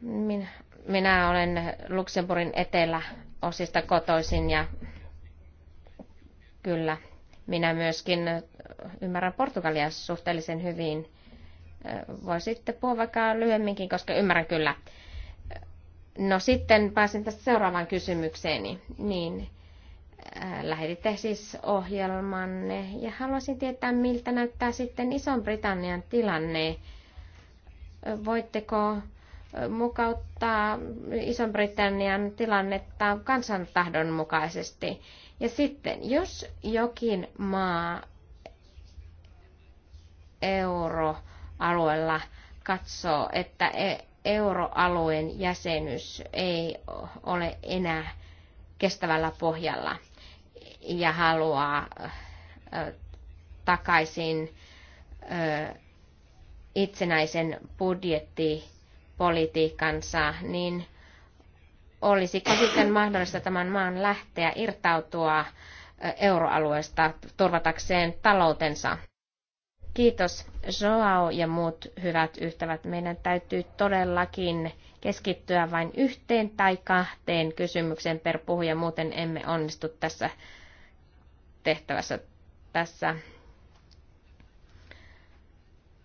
Minä, minä olen Luxemburgin eteläosista kotoisin ja kyllä minä myöskin ymmärrän Portugalia suhteellisen hyvin. sitten puhua vaikka lyhyemminkin, koska ymmärrän kyllä. No sitten pääsen tästä seuraavaan kysymykseeni. Niin, äh, lähetitte siis ohjelmanne ja haluaisin tietää, miltä näyttää sitten iso britannian tilanne. Voitteko äh, mukauttaa iso britannian tilannetta kansantahdon mukaisesti? Ja sitten, jos jokin maa euroalueella katsoo, että e- euroalueen jäsenyys ei ole enää kestävällä pohjalla ja haluaa takaisin itsenäisen budjettipolitiikkansa, niin olisiko sitten mahdollista tämän maan lähteä irtautua euroalueesta turvatakseen taloutensa. Kiitos Joao ja muut hyvät ystävät. Meidän täytyy todellakin keskittyä vain yhteen tai kahteen kysymykseen per puhuja, muuten emme onnistu tässä tehtävässä. Tässä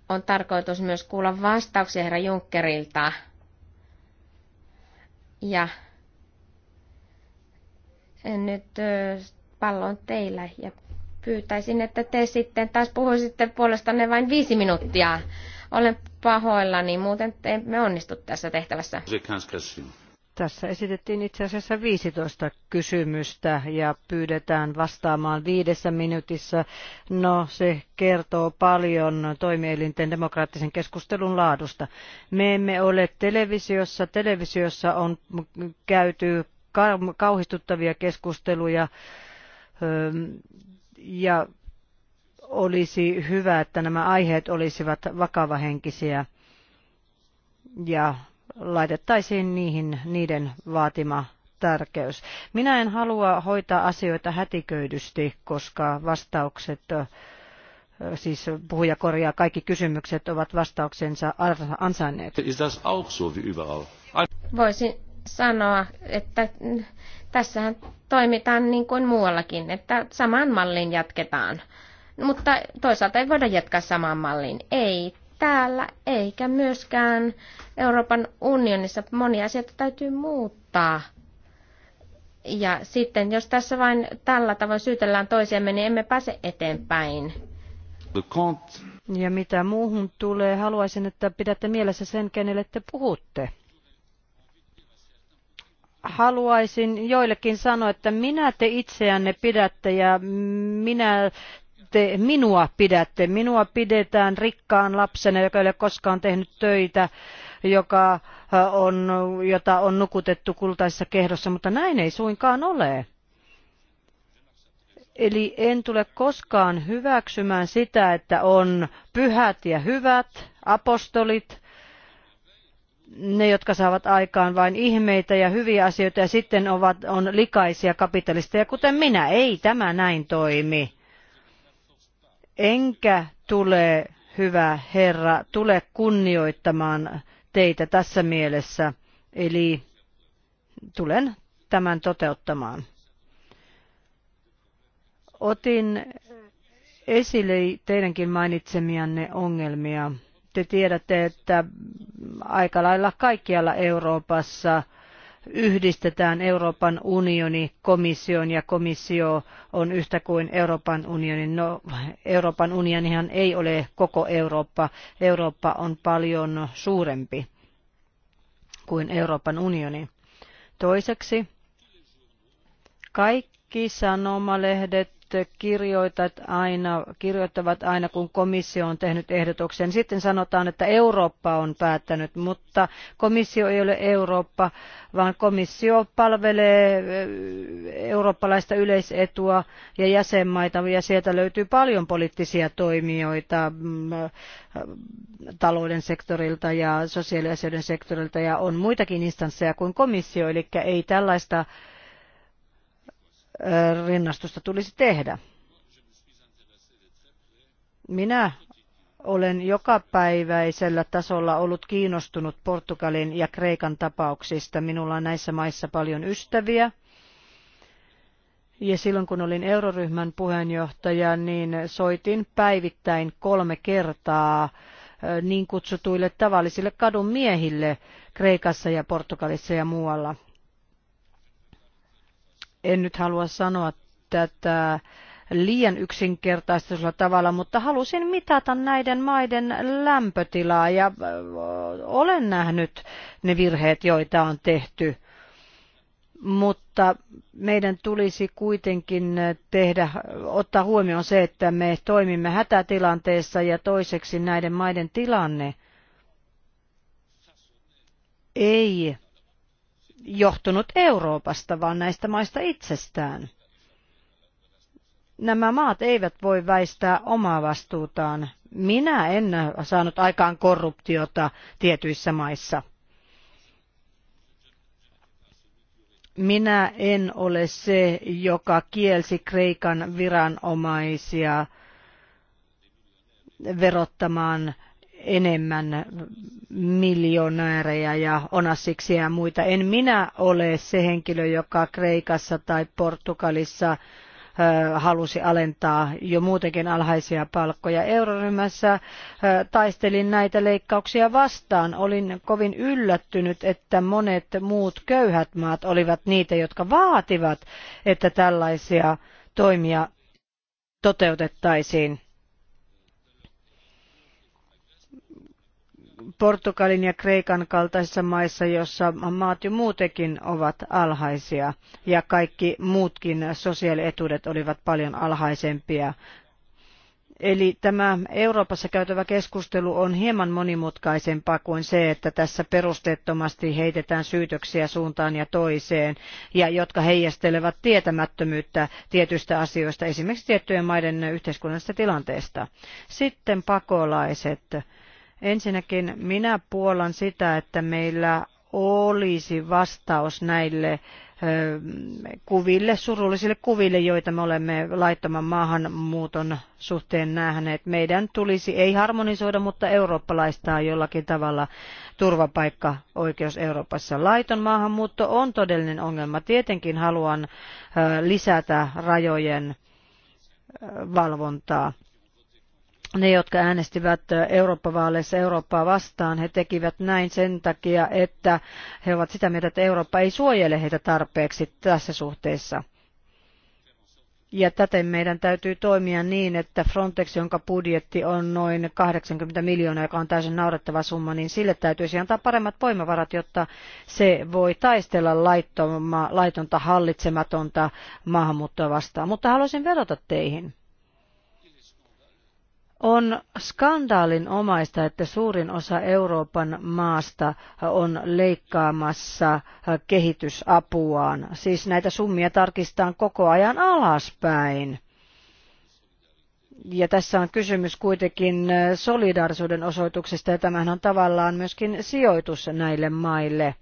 on tarkoitus myös kuulla vastauksia herra Junckerilta ja nyt pallo on teillä ja pyytäisin, että te sitten taas puhuisitte puolestanne vain viisi minuuttia. Olen pahoillani, muuten emme onnistu tässä tehtävässä. Tässä esitettiin itse asiassa 15 kysymystä ja pyydetään vastaamaan viidessä minuutissa. No, se kertoo paljon toimielinten demokraattisen keskustelun laadusta. Me emme ole televisiossa. Televisiossa on käyty kauhistuttavia keskusteluja ja olisi hyvä, että nämä aiheet olisivat vakavahenkisiä ja laitettaisiin niihin niiden vaatima tärkeys. Minä en halua hoitaa asioita hätiköidysti, koska vastaukset, siis puhuja korjaa, kaikki kysymykset ovat vastauksensa ansainneet. Voisi sanoa, että tässähän toimitaan niin kuin muuallakin, että samaan malliin jatketaan. Mutta toisaalta ei voida jatkaa samaan malliin. Ei täällä eikä myöskään Euroopan unionissa. Monia asioita täytyy muuttaa. Ja sitten, jos tässä vain tällä tavoin syytellään toisiamme, niin emme pääse eteenpäin. Ja mitä muuhun tulee, haluaisin, että pidätte mielessä sen, kenelle te puhutte haluaisin joillekin sanoa, että minä te itseänne pidätte ja minä te minua pidätte. Minua pidetään rikkaan lapsena, joka ei ole koskaan tehnyt töitä, joka on, jota on nukutettu kultaisessa kehdossa, mutta näin ei suinkaan ole. Eli en tule koskaan hyväksymään sitä, että on pyhät ja hyvät apostolit, ne, jotka saavat aikaan vain ihmeitä ja hyviä asioita ja sitten ovat, on likaisia kapitalisteja, kuten minä. Ei tämä näin toimi enkä tule, hyvä Herra, tule kunnioittamaan teitä tässä mielessä, eli tulen tämän toteuttamaan. Otin esille teidänkin mainitsemianne ongelmia. Te tiedätte, että aika lailla kaikkialla Euroopassa – yhdistetään Euroopan unioni komission ja komissio on yhtä kuin Euroopan unioni. No, Euroopan unionihan ei ole koko Eurooppa. Eurooppa on paljon suurempi kuin Euroopan unioni. Toiseksi kaikki sanomalehdet kirjoitat aina, kirjoittavat aina, kun komissio on tehnyt ehdotuksen. Sitten sanotaan, että Eurooppa on päättänyt, mutta komissio ei ole Eurooppa, vaan komissio palvelee eh, eurooppalaista yleisetua ja jäsenmaita, ja sieltä löytyy paljon poliittisia toimijoita mm, eh, talouden sektorilta ja sosiaaliasioiden sektorilta, ja on muitakin instansseja kuin komissio, eli ei tällaista rinnastusta tulisi tehdä. Minä olen jokapäiväisellä tasolla ollut kiinnostunut Portugalin ja Kreikan tapauksista. Minulla on näissä maissa paljon ystäviä. Ja silloin kun olin euroryhmän puheenjohtaja, niin soitin päivittäin kolme kertaa niin kutsutuille tavallisille kadun miehille Kreikassa ja Portugalissa ja muualla en nyt halua sanoa tätä liian yksinkertaistetulla tavalla, mutta halusin mitata näiden maiden lämpötilaa ja olen nähnyt ne virheet, joita on tehty. Mutta meidän tulisi kuitenkin tehdä, ottaa huomioon se, että me toimimme hätätilanteessa ja toiseksi näiden maiden tilanne ei johtunut Euroopasta, vaan näistä maista itsestään. Nämä maat eivät voi väistää omaa vastuutaan. Minä en saanut aikaan korruptiota tietyissä maissa. Minä en ole se, joka kielsi Kreikan viranomaisia verottamaan enemmän miljonäärejä ja onasiksia ja muita. En minä ole se henkilö, joka Kreikassa tai Portugalissa halusi alentaa jo muutenkin alhaisia palkkoja. Euroryhmässä taistelin näitä leikkauksia vastaan. Olin kovin yllättynyt, että monet muut köyhät maat olivat niitä, jotka vaativat, että tällaisia toimia toteutettaisiin. Portugalin ja Kreikan kaltaisissa maissa, jossa maat jo muutenkin ovat alhaisia ja kaikki muutkin sosiaalietuudet olivat paljon alhaisempia. Eli tämä Euroopassa käytävä keskustelu on hieman monimutkaisempaa kuin se, että tässä perusteettomasti heitetään syytöksiä suuntaan ja toiseen, ja jotka heijastelevat tietämättömyyttä tietyistä asioista, esimerkiksi tiettyjen maiden yhteiskunnallisesta tilanteesta. Sitten pakolaiset. Ensinnäkin minä puolan sitä, että meillä olisi vastaus näille kuville, surullisille kuville, joita me olemme laittoman maahanmuuton suhteen nähneet. Meidän tulisi ei harmonisoida, mutta eurooppalaistaa jollakin tavalla turvapaikkaoikeus Euroopassa. Laiton maahanmuutto on todellinen ongelma. Tietenkin haluan lisätä rajojen valvontaa ne, jotka äänestivät Eurooppa-vaaleissa Eurooppaa vastaan, he tekivät näin sen takia, että he ovat sitä mieltä, että Eurooppa ei suojele heitä tarpeeksi tässä suhteessa. Ja täten meidän täytyy toimia niin, että Frontex, jonka budjetti on noin 80 miljoonaa, joka on täysin naurettava summa, niin sille täytyisi antaa paremmat voimavarat, jotta se voi taistella laitonta, hallitsematonta maahanmuuttoa vastaan. Mutta haluaisin vedota teihin on skandaalin omaista, että suurin osa Euroopan maasta on leikkaamassa kehitysapuaan. Siis näitä summia tarkistetaan koko ajan alaspäin. Ja tässä on kysymys kuitenkin solidaarisuuden osoituksesta ja tämähän on tavallaan myöskin sijoitus näille maille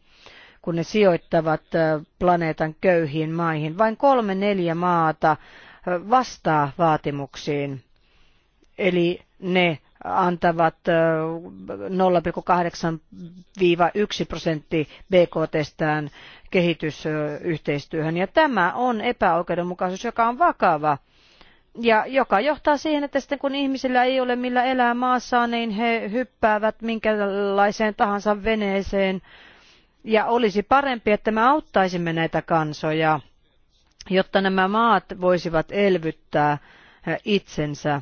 kun ne sijoittavat äh, planeetan köyhiin maihin. Vain kolme neljä maata äh, vastaa vaatimuksiin eli ne antavat 0,8-1 prosentti BKTstään kehitysyhteistyöhön. Ja tämä on epäoikeudenmukaisuus, joka on vakava ja joka johtaa siihen, että sitten kun ihmisillä ei ole millä elää maassaan, niin he hyppäävät minkälaiseen tahansa veneeseen. Ja olisi parempi, että me auttaisimme näitä kansoja, jotta nämä maat voisivat elvyttää itsensä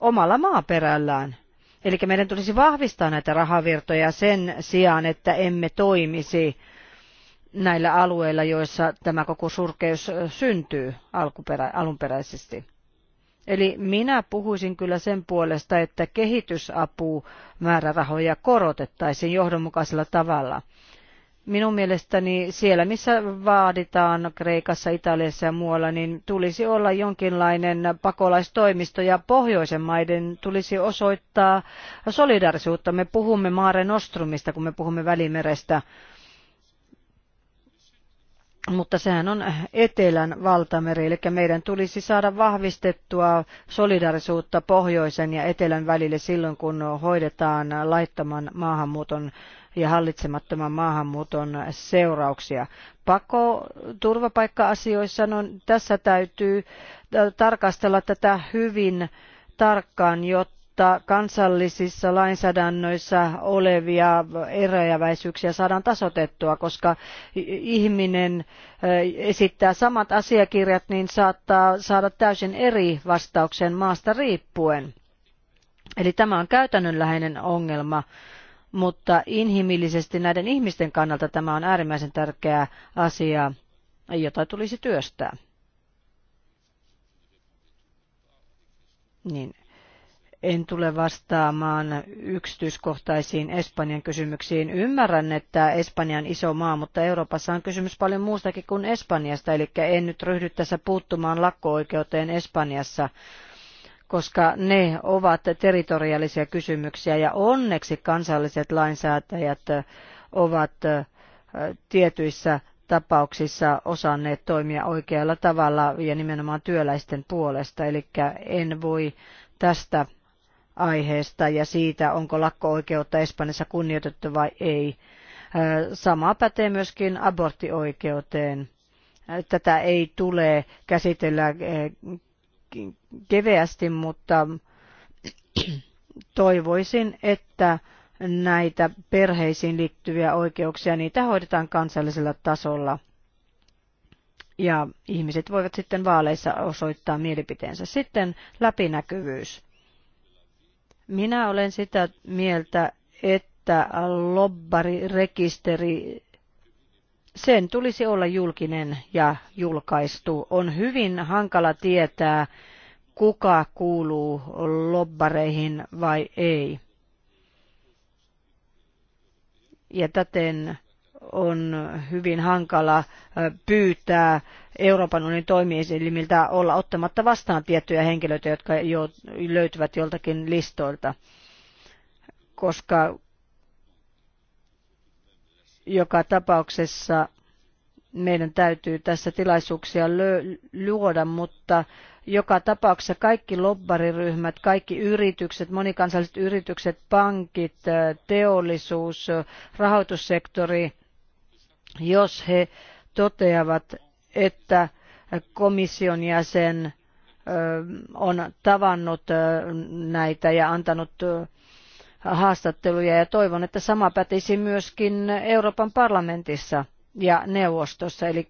omalla maaperällään. Eli meidän tulisi vahvistaa näitä rahavirtoja sen sijaan, että emme toimisi näillä alueilla, joissa tämä koko surkeus syntyy alkuperä, alunperäisesti. Eli minä puhuisin kyllä sen puolesta, että kehitysapu määrärahoja korotettaisiin johdonmukaisella tavalla. Minun mielestäni siellä, missä vaaditaan Kreikassa, Italiassa ja muualla, niin tulisi olla jonkinlainen pakolaistoimisto ja pohjoisen maiden tulisi osoittaa solidarisuutta. Me puhumme Maare Nostrumista, kun me puhumme Välimerestä mutta sehän on etelän valtameri, eli meidän tulisi saada vahvistettua solidarisuutta pohjoisen ja etelän välille silloin, kun hoidetaan laittoman maahanmuuton ja hallitsemattoman maahanmuuton seurauksia. Pako turvapaikka-asioissa, no, tässä täytyy tarkastella tätä hyvin tarkkaan, jotta kansallisissa lainsäädännöissä olevia eräjäväisyyksiä saadaan tasotettua, koska ihminen esittää samat asiakirjat, niin saattaa saada täysin eri vastauksen maasta riippuen. Eli tämä on käytännönläheinen ongelma mutta inhimillisesti näiden ihmisten kannalta tämä on äärimmäisen tärkeä asia, jota tulisi työstää. Niin. En tule vastaamaan yksityiskohtaisiin Espanjan kysymyksiin. Ymmärrän, että Espanja on iso maa, mutta Euroopassa on kysymys paljon muustakin kuin Espanjasta, eli en nyt ryhdy tässä puuttumaan lakko-oikeuteen Espanjassa koska ne ovat territoriaalisia kysymyksiä ja onneksi kansalliset lainsäätäjät ovat tietyissä tapauksissa osanneet toimia oikealla tavalla ja nimenomaan työläisten puolesta. Eli en voi tästä aiheesta ja siitä, onko lakko-oikeutta Espanjassa kunnioitettu vai ei. Sama pätee myöskin aborttioikeuteen. Tätä ei tule käsitellä keveästi, mutta toivoisin, että näitä perheisiin liittyviä oikeuksia, niitä hoidetaan kansallisella tasolla. Ja ihmiset voivat sitten vaaleissa osoittaa mielipiteensä. Sitten läpinäkyvyys. Minä olen sitä mieltä, että lobbarirekisteri sen tulisi olla julkinen ja julkaistu. On hyvin hankala tietää, kuka kuuluu lobbareihin vai ei. Ja täten on hyvin hankala pyytää Euroopan unionin toimielimiltä olla ottamatta vastaan tiettyjä henkilöitä, jotka jo löytyvät joltakin listoilta, koska joka tapauksessa meidän täytyy tässä tilaisuuksia luoda, mutta joka tapauksessa kaikki lobbariryhmät, kaikki yritykset, monikansalliset yritykset, pankit, teollisuus, rahoitussektori, jos he toteavat, että komission jäsen on tavannut näitä ja antanut haastatteluja ja toivon, että sama pätisi myöskin Euroopan parlamentissa ja neuvostossa. Eli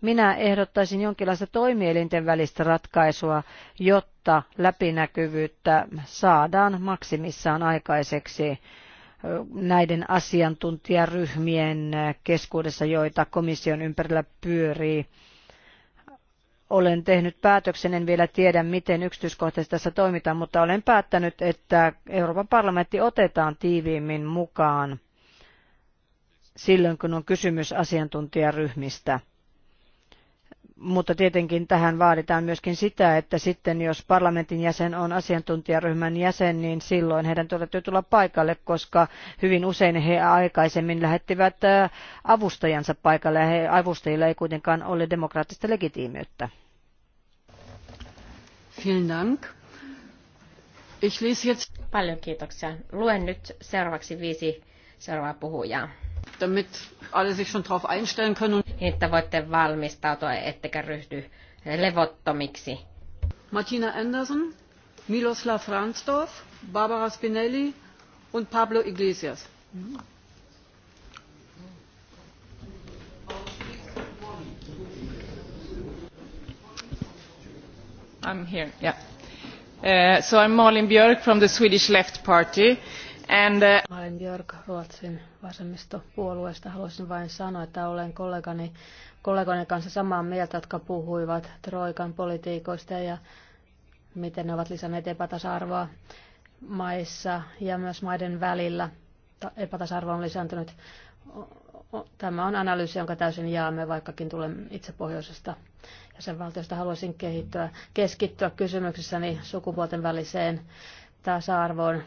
minä ehdottaisin jonkinlaista toimielinten välistä ratkaisua, jotta läpinäkyvyyttä saadaan maksimissaan aikaiseksi näiden asiantuntijaryhmien keskuudessa, joita komission ympärillä pyörii olen tehnyt päätöksen, en vielä tiedä miten yksityiskohtaisesti tässä toimitaan, mutta olen päättänyt, että Euroopan parlamentti otetaan tiiviimmin mukaan silloin, kun on kysymys asiantuntijaryhmistä – mutta tietenkin tähän vaaditaan myöskin sitä, että sitten jos parlamentin jäsen on asiantuntijaryhmän jäsen, niin silloin heidän täytyy tulla paikalle, koska hyvin usein he aikaisemmin lähettivät avustajansa paikalle ja he avustajilla ei kuitenkaan ole demokraattista legitiimiyttä. Vielen Dank. Ich lese jetzt... Paljon kiitoksia. Luen nyt seuraavaksi viisi seuraavaa puhujaa. Damit alle sich schon drauf einstellen können. Niin, että voitte valmistautua, ettekä ryhdy levottomiksi. Martina Anderson, Miloslav Ransdorf, Barbara Spinelli und Pablo Iglesias. I'm here. Yeah. Uh, so I'm Malin Björk from the Swedish Left Party. And, uh... Mä olen Björk Ruotsin vasemmistopuolueesta. Haluaisin vain sanoa, että olen kollegani, kollegani kanssa samaa mieltä, jotka puhuivat Troikan politiikoista ja miten ne ovat lisänneet epätasa-arvoa maissa ja myös maiden välillä. Epätasa-arvo on lisääntynyt. Tämä on analyysi, jonka täysin jaamme, vaikkakin tulen itse pohjoisesta jäsenvaltiosta. Haluaisin kehittyä, keskittyä kysymyksessäni sukupuolten väliseen tasa-arvoon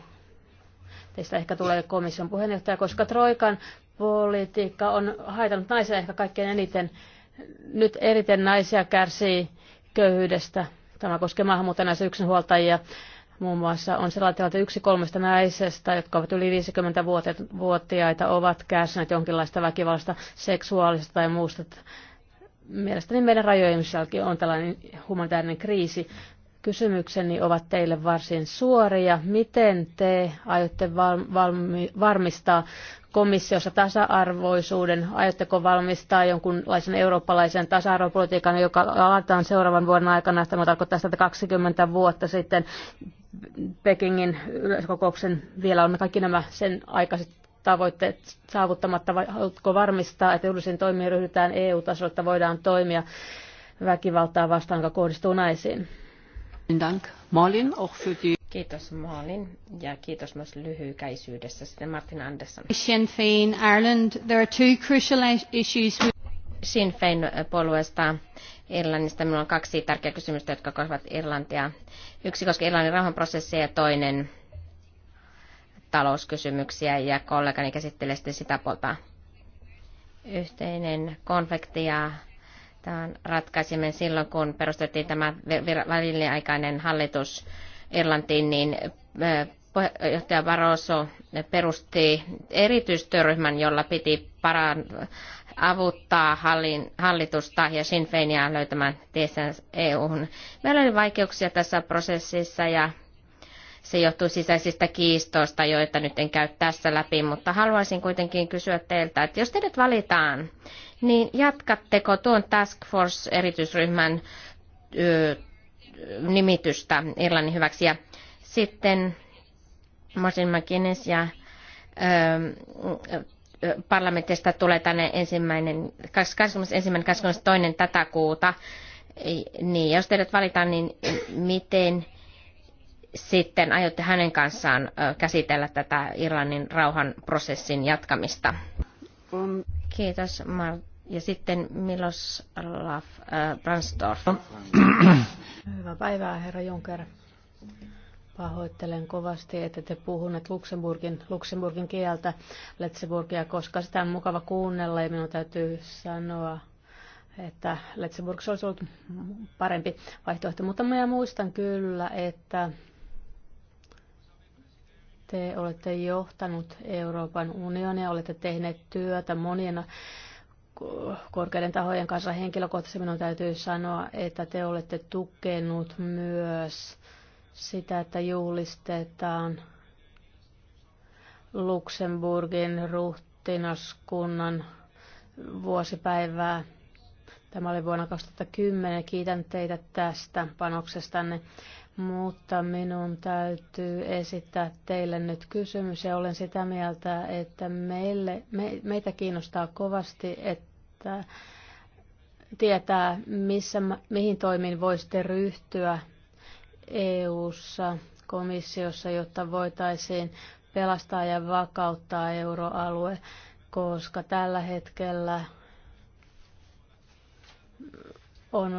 Teistä ehkä tulee komission puheenjohtaja, koska Troikan politiikka on haitanut naisia ehkä kaikkein eniten. Nyt eriten naisia kärsii köyhyydestä. Tämä koskee maahanmuuttajanaisia yksinhuoltajia. Muun muassa on sellainen tilanne, että yksi kolmesta naisesta, jotka ovat yli 50-vuotiaita, ovat kärsineet jonkinlaista väkivallasta, seksuaalisesta tai muusta mielestäni meidän rajojen on tällainen humanitaarinen kriisi. Kysymykseni ovat teille varsin suoria. Miten te aiotte varmistaa komissiossa tasa-arvoisuuden? Aiotteko valmistaa jonkunlaisen eurooppalaisen tasa-arvopolitiikan, joka aletaan seuraavan vuoden aikana? Tämä tarkoittaa 20 vuotta sitten Pekingin yleiskokouksen. Vielä on kaikki nämä sen aikaiset tavoitteet saavuttamatta, vai haluatko varmistaa, että julkisiin toimiin ryhdytään EU-tasolla, että voidaan toimia väkivaltaa vastaan, joka kohdistuu naisiin? Kiitos Maalin ja kiitos myös lyhykäisyydessä. Sitten Martin Andersson. Sinn Féin, Ireland, there are two crucial issues... Sinn Féin eh, puolueesta Irlannista. Minulla on kaksi tärkeää kysymystä, jotka koskevat Irlantia. Yksi koskee Irlannin rauhanprosessia ja toinen talouskysymyksiä ja kollegani käsittelee sitten sitä puolta. Yhteinen konflikti ja Tämän ratkaisimme silloin, kun perustettiin tämä väliaikainen hallitus Irlantiin, niin johtaja Barroso perusti erityistyöryhmän, jolla piti paran, avuttaa hallin, hallitusta ja Sinn Feiniä löytämään tiesä EU-hun. Meillä oli vaikeuksia tässä prosessissa ja se johtuu sisäisistä kiistoista, joita nyt en käy tässä läpi, mutta haluaisin kuitenkin kysyä teiltä, että jos teidät valitaan, niin jatkatteko tuon Task Force-erityisryhmän nimitystä Irlannin hyväksi ja sitten Martin McGuinness ja ö, parlamentista tulee tänne ensimmäinen, 21. 22. tätä kuuta. Niin, jos teidät valitaan, niin miten sitten aiotte hänen kanssaan käsitellä tätä Irlannin rauhanprosessin jatkamista? Kiitos. Ja sitten Miloslav äh, Bransdorf. Hyvää päivää, herra Juncker. Pahoittelen kovasti, että te puhuneet Luxemburgin, Luxemburgin kieltä, Letseburgia, koska sitä on mukava kuunnella ja minun täytyy sanoa, että Letseburg olisi ollut parempi vaihtoehto. Mutta minä muistan kyllä, että te olette johtanut Euroopan unionia, olette tehneet työtä monien korkeiden tahojen kanssa. Henkilökohtaisesti minun täytyy sanoa, että te olette tukenut myös sitä, että juhlistetaan Luxemburgin ruhtinaskunnan vuosipäivää. Tämä oli vuonna 2010. Kiitän teitä tästä panoksestanne mutta minun täytyy esittää teille nyt kysymys ja olen sitä mieltä, että meille, me, meitä kiinnostaa kovasti, että tietää, missä, mihin toimiin voisitte ryhtyä EU-ssa, komissiossa, jotta voitaisiin pelastaa ja vakauttaa euroalue, koska tällä hetkellä on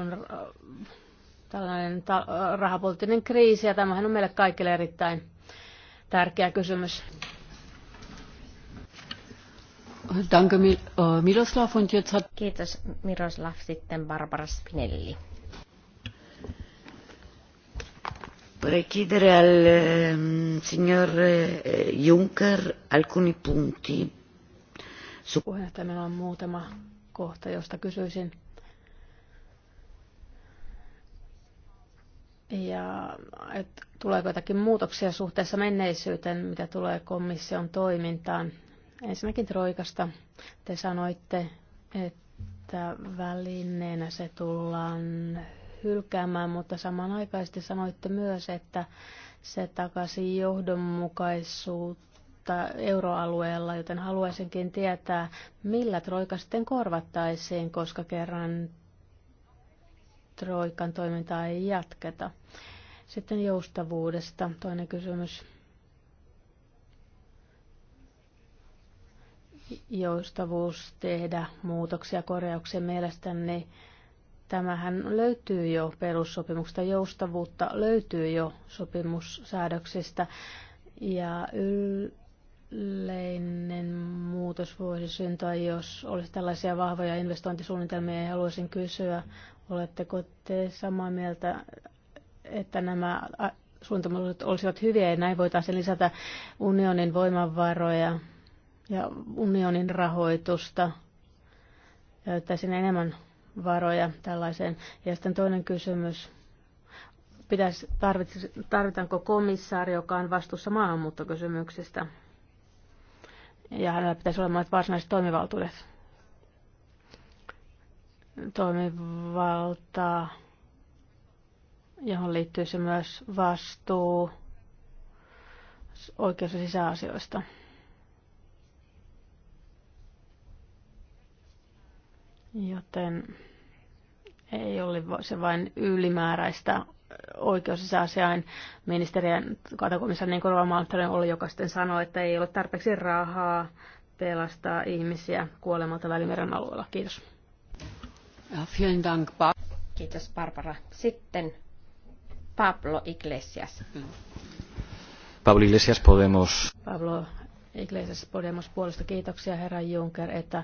tällainen ta- rahapoliittinen kriisi, ja tämähän on meille kaikille erittäin tärkeä kysymys. Danke, äh, Miroslav. Und jetzt hat... Kiitos, Miroslav. Sitten Barbara Spinelli. Vorrei chiedere al ehm, signor eh, Juncker alcuni punti. Puheenjohtaja, meillä on muutama kohta, josta kysyisin ja että tuleeko jotakin muutoksia suhteessa menneisyyteen, mitä tulee komission toimintaan. Ensinnäkin Troikasta te sanoitte, että välineenä se tullaan hylkäämään, mutta samanaikaisesti sanoitte myös, että se takasi johdonmukaisuutta euroalueella, joten haluaisinkin tietää, millä Troika sitten korvattaisiin, koska kerran troikan toimintaa ei jatketa. Sitten joustavuudesta toinen kysymys. Joustavuus tehdä muutoksia, korjauksia mielestäni. Tämähän löytyy jo perussopimuksesta, joustavuutta löytyy jo sopimussäädöksistä ja yleinen muutos voisi syntyä, jos olisi tällaisia vahvoja investointisuunnitelmia ja haluaisin kysyä, Oletteko te samaa mieltä, että nämä suuntamukset olisivat hyviä ja näin voitaisiin lisätä unionin voimavaroja ja unionin rahoitusta ja ottaisin enemmän varoja tällaiseen. Ja sitten toinen kysymys. Pitäisi, tarvitaanko komissaari, joka on vastuussa maahanmuuttokysymyksistä? Ja hänellä pitäisi olla varsinaiset toimivaltuudet toimivaltaa, johon liittyy se myös vastuu oikeus- ja sisäasioista. Joten ei ole se vain ylimääräistä oikeus- ja sisäasiain ministeriön katakomissa, niin kuin Malmström oli, joka sitten sanoi, että ei ole tarpeeksi rahaa pelastaa ihmisiä kuolemalta Välimeren alueella. Kiitos. Ja, vielen Dank, Kiitos Barbara. Sitten Pablo Iglesias. Pablo Iglesias Podemos. Pablo Iglesias Podemos puolesta kiitoksia herra Juncker, että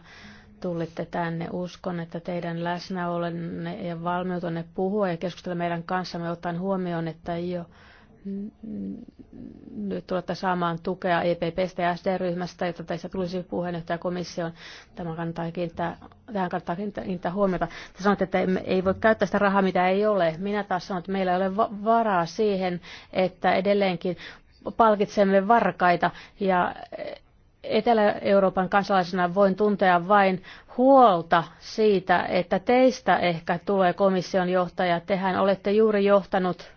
tulitte tänne. Uskon, että teidän läsnäolenne ja valmiutenne puhua ja keskustella meidän kanssamme ottaen huomioon, että jo nyt tulette saamaan tukea EPPstä ja SD-ryhmästä, jotta teistä tulisi puheenjohtajakomission. Tämä kannattaa kiinnittää, tähän kannattaa kiinnittää huomiota. Te sanotte, että ei voi käyttää sitä rahaa, mitä ei ole. Minä taas sanon, että meillä ei ole varaa siihen, että edelleenkin palkitsemme varkaita ja eh, Etelä-Euroopan kansalaisena voin tuntea vain huolta siitä, että teistä ehkä tulee komission johtaja. Tehän olette juuri johtanut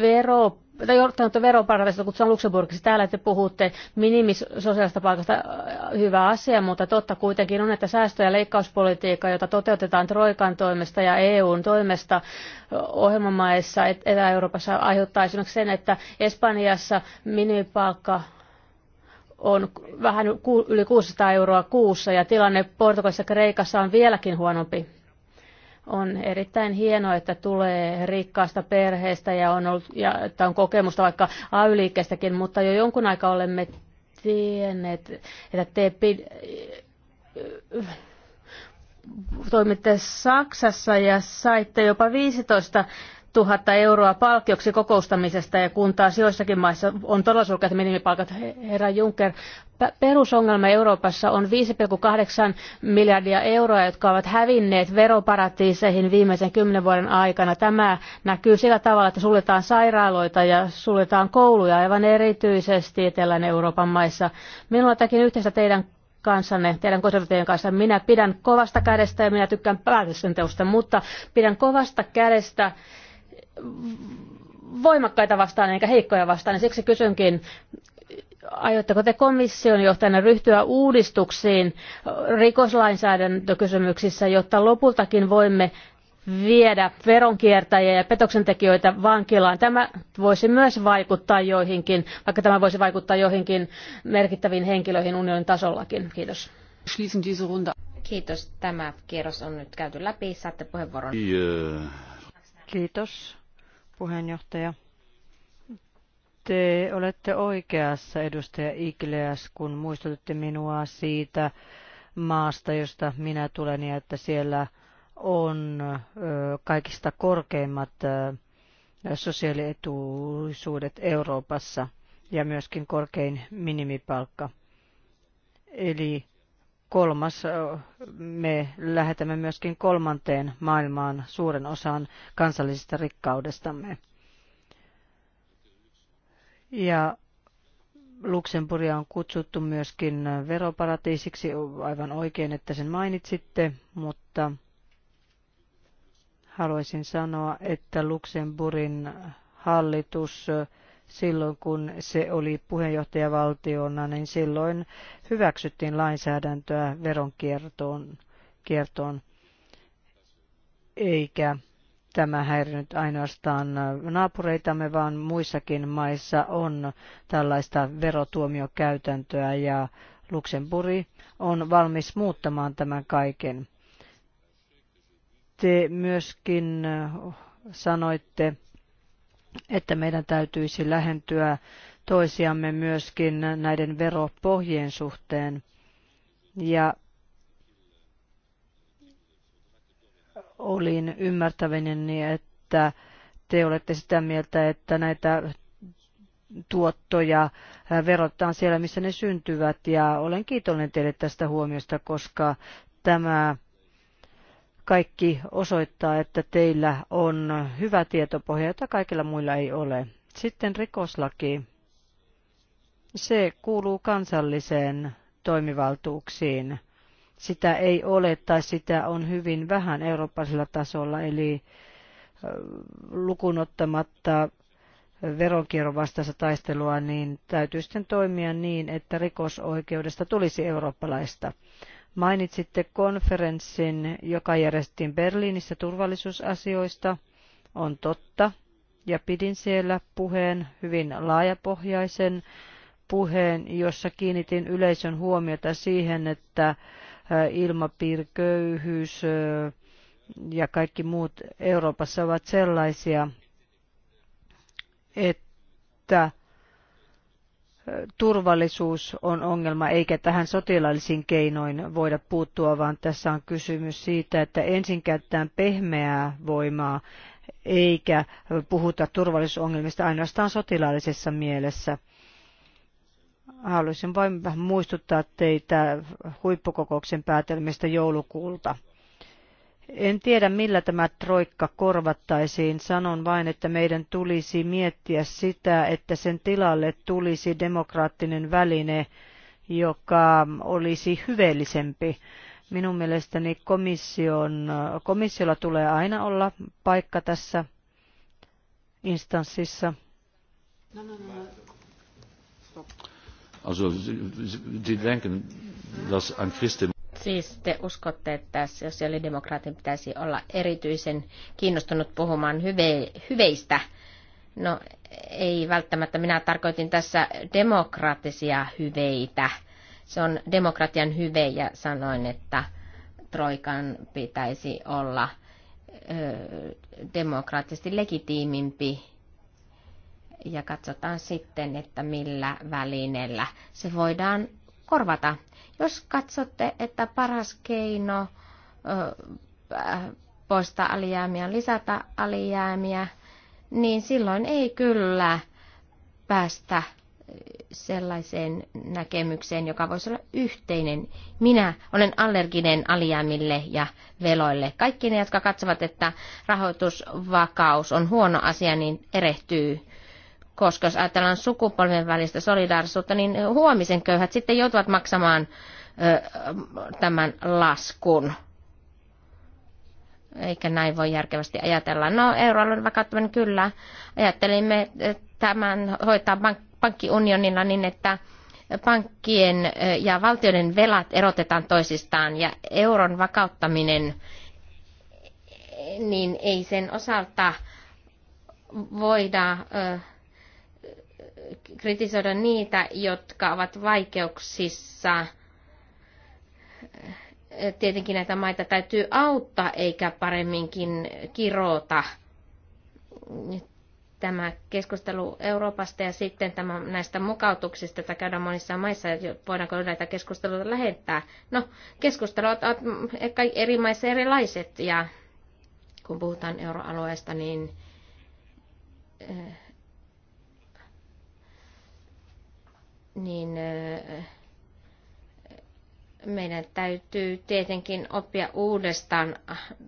vero tai johtanut veroparatiisista, kutsutaan Luxemburgissa. Täällä te puhutte minimisosiaalista paikasta, äh, hyvä asia, mutta totta kuitenkin on, että säästö- ja leikkauspolitiikka, jota toteutetaan Troikan toimesta ja EUn toimesta ohjelmamaissa Etelä-Euroopassa aiheuttaa esimerkiksi sen, että Espanjassa minimipalkka on vähän yli 600 euroa kuussa ja tilanne Portugalissa ja Kreikassa on vieläkin huonompi on erittäin hienoa, että tulee rikkaasta perheestä ja on, ollut, ja, että on kokemusta vaikka ay mutta jo jonkun aikaa olemme tienneet, että te pid... toimitte Saksassa ja saitte jopa 15 000 euroa palkkioksi kokoustamisesta ja kun taas joissakin maissa on todella surkeat minimipalkat. Herra Juncker, perusongelma Euroopassa on 5,8 miljardia euroa, jotka ovat hävinneet veroparatiiseihin viimeisen kymmenen vuoden aikana. Tämä näkyy sillä tavalla, että suljetaan sairaaloita ja suljetaan kouluja aivan erityisesti Etelän Euroopan maissa. Minulla on jotakin yhteistä teidän kanssanne, teidän konservatiivien kanssa. Minä pidän kovasta kädestä ja minä tykkään päätöksenteosta, mutta pidän kovasta kädestä voimakkaita vastaan eikä heikkoja vastaan. siksi kysynkin, aiotteko te komission johtajana ryhtyä uudistuksiin rikoslainsäädäntökysymyksissä, jotta lopultakin voimme viedä veronkiertäjiä ja petoksentekijöitä vankilaan. Tämä voisi myös vaikuttaa joihinkin, vaikka tämä voisi vaikuttaa joihinkin merkittäviin henkilöihin unionin tasollakin. Kiitos. Kiitos. Tämä kierros on nyt käyty läpi. Saatte puheenvuoron. Kiitos puheenjohtaja. Te olette oikeassa, edustaja Igleas, kun muistutitte minua siitä maasta, josta minä tulen, ja että siellä on kaikista korkeimmat sosiaalietuisuudet Euroopassa ja myöskin korkein minimipalkka. Eli kolmas, me lähetämme myöskin kolmanteen maailmaan suuren osan kansallisesta rikkaudestamme. Ja Luxemburgia on kutsuttu myöskin veroparatiisiksi, aivan oikein, että sen mainitsitte, mutta haluaisin sanoa, että Luxemburgin hallitus silloin, kun se oli puheenjohtajavaltiona, niin silloin hyväksyttiin lainsäädäntöä veronkiertoon kiertoon, eikä tämä häirinyt ainoastaan naapureitamme, vaan muissakin maissa on tällaista verotuomiokäytäntöä ja Luxemburg on valmis muuttamaan tämän kaiken. Te myöskin sanoitte, että meidän täytyisi lähentyä toisiamme myöskin näiden veropohjien suhteen. Ja olin niin että te olette sitä mieltä, että näitä tuottoja verotetaan siellä, missä ne syntyvät. Ja olen kiitollinen teille tästä huomiosta, koska tämä kaikki osoittaa, että teillä on hyvä tietopohja, jota kaikilla muilla ei ole. Sitten rikoslaki. Se kuuluu kansalliseen toimivaltuuksiin. Sitä ei ole tai sitä on hyvin vähän eurooppalaisella tasolla, eli lukunottamatta veronkierron vastaista taistelua, niin täytyy sitten toimia niin, että rikosoikeudesta tulisi eurooppalaista. Mainitsitte konferenssin, joka järjestettiin Berliinissä turvallisuusasioista. On totta. Ja pidin siellä puheen, hyvin laajapohjaisen puheen, jossa kiinnitin yleisön huomiota siihen, että ilmapiiri, köyhyys ja kaikki muut Euroopassa ovat sellaisia, että turvallisuus on ongelma, eikä tähän sotilaallisin keinoin voida puuttua, vaan tässä on kysymys siitä, että ensin käytetään pehmeää voimaa, eikä puhuta turvallisuusongelmista ainoastaan sotilaallisessa mielessä. Haluaisin vain muistuttaa teitä huippukokouksen päätelmistä joulukuulta. En tiedä, millä tämä troikka korvattaisiin. Sanon vain, että meidän tulisi miettiä sitä, että sen tilalle tulisi demokraattinen väline, joka olisi hyveellisempi. Minun mielestäni komission, komissiolla tulee aina olla paikka tässä instanssissa. No, no, no. Stop. Also, Sie denken, dass ein Christen Siis te uskotte, että sosiaalidemokraatin pitäisi olla erityisen kiinnostunut puhumaan hyve, hyveistä. No ei välttämättä, minä tarkoitin tässä demokraattisia hyveitä. Se on demokratian hyve ja sanoin, että Troikan pitäisi olla ö, demokraattisesti legitiimimpi ja katsotaan sitten, että millä välineellä se voidaan korvata. Jos katsotte, että paras keino äh, poistaa alijäämiä, lisätä alijäämiä, niin silloin ei kyllä päästä sellaiseen näkemykseen, joka voisi olla yhteinen. Minä olen allerginen alijäämille ja veloille. Kaikki ne, jotka katsovat, että rahoitusvakaus on huono asia, niin erehtyy koska jos ajatellaan sukupolven välistä solidaarisuutta, niin huomisen köyhät sitten joutuvat maksamaan ö, tämän laskun. Eikä näin voi järkevästi ajatella. No, euroalueen vakauttaminen kyllä. Ajattelimme tämän hoitaa pank- pankkiunionilla niin, että pankkien ja valtioiden velat erotetaan toisistaan ja euron vakauttaminen, niin ei sen osalta voida kritisoida niitä, jotka ovat vaikeuksissa. Tietenkin näitä maita täytyy auttaa eikä paremminkin kirota. Tämä keskustelu Euroopasta ja sitten tämä, näistä mukautuksista, joita käydään monissa maissa, voidaanko näitä keskusteluita lähettää. No, keskustelut ovat eri maissa erilaiset ja kun puhutaan euroalueesta, niin eh, niin meidän täytyy tietenkin oppia uudestaan